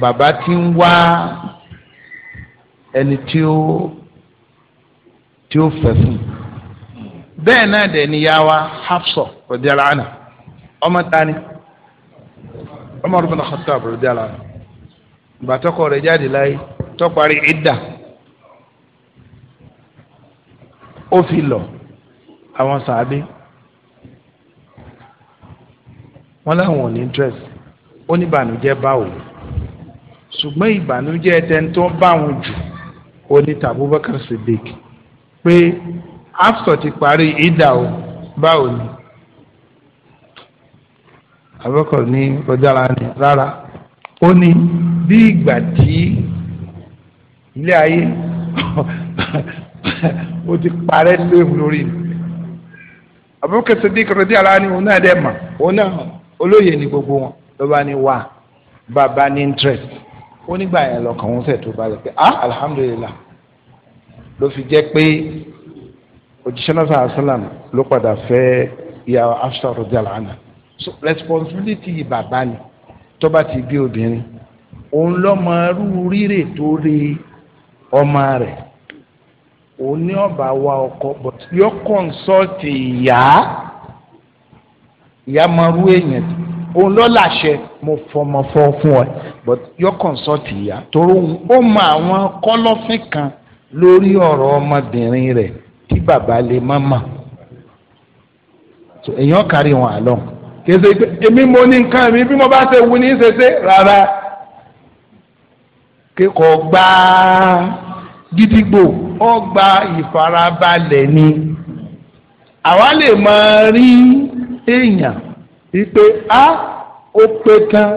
Speaker 1: bàbá ti ń wá ẹni tí ó. tí ó fẹ́ fún bẹ́ẹ̀ náà ni ya wa rọ̀díàlá àná ọmọ tani ọmọ rẹ̀ bọ́lá àná ìgbà tọkọ rẹ̀ jáde láyé tọparí ìdá ó fi lọ àwọn sàábé wọn ò ní interest ó ní pé Hafsat ti parí ìdà o báwo ni Abubakar ní ọjàrà ni rárá ó ní bí ìgbà tí ilé ayé ó ti parẹ́ léwu lórí mi Abubakar Siddiq radiyallahu anhu òun náà dẹ̀ mà òun náà olóyè ni gbogbo wọn lọ́ba ni wà bàbá ní interest ó nígbà yẹn lọ́kàn òun fẹ̀ tó balẹ̀ pé ah alhamdulilah ló fi jẹ́ pé òjíṣẹ́ náà sàásìlám ló padà fẹ́ ìyàwó Hafsa radiyallahu anha so responsibility bàbá ni tó bá ti bí obìnrin òun lọ́mọ rú rírè tó rí ọmọ rẹ̀ òun ní ọba wa ọkọ but yọ kọ́nsọ́ọ̀tì ìyá ìyá máa rú èèyàn òun lọ́ làṣẹ mo fọmọ fọ fún ọ but yọ kọ́nsọ́ọ̀tì ìyá torí ó mọ àwọn kọ́lọ́fín kan lórí ọ̀rọ̀ ọmọbìnrin rẹ̀ kí bàbá lè má mà èèyàn kárí wọn àlọ́ kèsè pé èmi mo ní nǹkan mi bí mo bá ṣe wù ní ṣẹṣẹ rárá kíkọ gbá gidigbo ó gba ìfarabalẹ̀ ni àwa lè máa rí èèyàn wípé a ó pé tán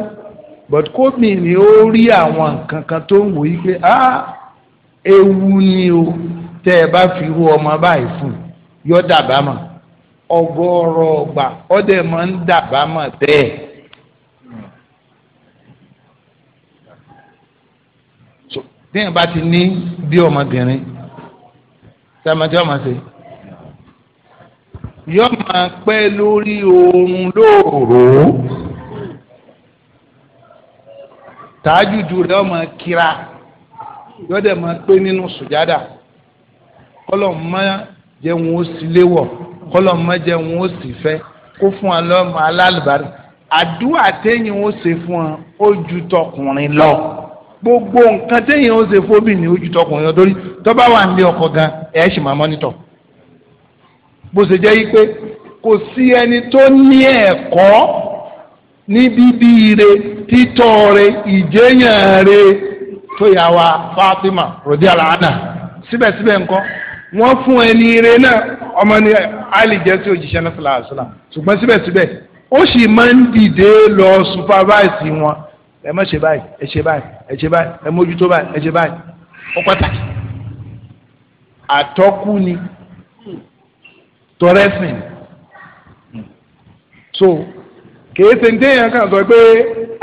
Speaker 1: but kóbìnrin ó rí àwọn nǹkan kan tó ń wò yí pé a. Ah, ewu ni o tẹ ẹ bá fi ru ọmọ báyìí fún yọ dàbá mọ ọgọrọ ọgbà ọdẹ máa ń dàbá mọ bẹ́ẹ̀. téèyàn bá ti ní bí ọmọbìnrin tí a máa tí ọmọ ṣe yọ máa pẹ́ lórí oorun lóòrò tàájùjú rẹ̀ ọmọ kíra yóò dẹ̀ máa pé nínú sùjádà kọ́lọ̀ má jẹun ó sì léwọ̀ kọ́lọ̀ má jẹun ó sì fẹ́ kó fún wa lọ́mọ alálùbárí àdúrà téèyàn ó ṣe fún ọ ó ju tọkùnrin lọ gbogbo nǹkan téèyàn ó ṣe fóbìnrin ó ju tọkùnrin lọ torí tó wà nílé ọkọ gan ẹ̀ ṣì máa mọ́nítọ̀ bó ṣe jẹ́ yí pé kò sí ẹni tó ní ẹ̀kọ́ ní bíbí ire títọ́ re ìjẹ́yàn tó yà wá Fatima rọdíàlá ànà síbẹ̀síbẹ̀ ńkọ́ wọ́n fún ẹni ire náà ọmọ ní Ali jẹ́ sí òjíṣẹ́ náà sọ̀rọ̀ ṣùgbọ́n síbẹ̀síbẹ̀ ó sì máa ń dìde lọ supervise wọn ẹ má ṣe báyìí ẹ ṣe báyìí ẹ ṣe báyìí ẹ mójútó báyìí ẹ ṣe báyìí ó pàtàkì àtọ́kù ni tọrẹsìn so kèé ṣe ń téèyàn kan sọ pé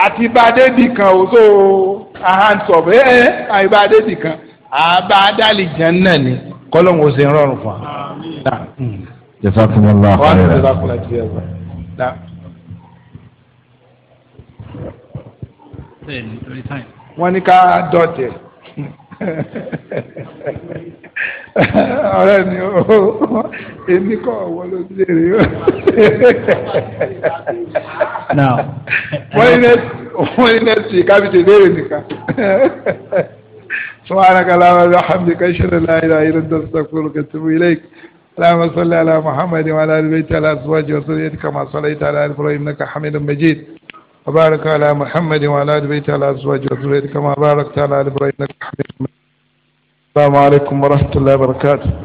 Speaker 1: àtibadé bì ò tó o àhánsọ̀bù ẹ eh, ẹ eh, àyíbá adéṣì kan àbá adálì jẹun náà ni kọ́lọ́hún ó ṣe rọrùn fún wa. jẹ́sà fún mi lọ́wọ́ àkàrẹ́ rẹ̀.
Speaker 4: wọ́n ní ká dọ̀tẹ̀.
Speaker 1: ọ̀rẹ́ mi ò èmi kọ́ ọ̀wọ́ ló ti lè rí o. wọ́n ní nẹ́ẹ̀sì kábíyèsí léèrè nìkan. سبحانك اللهم وبحمدك اشهد ان لا اله الا انت استغفرك واتوب اليك اللهم صل على محمد وعلى ال بيت الازواج وذريتك كما صليت على ابراهيم انك حميد مجيد وبارك على محمد وعلى آل بيته وعلى أزواجه وذريته كما باركت على آل إبراهيم إنك حميد السلام عليكم ورحمة الله وبركاته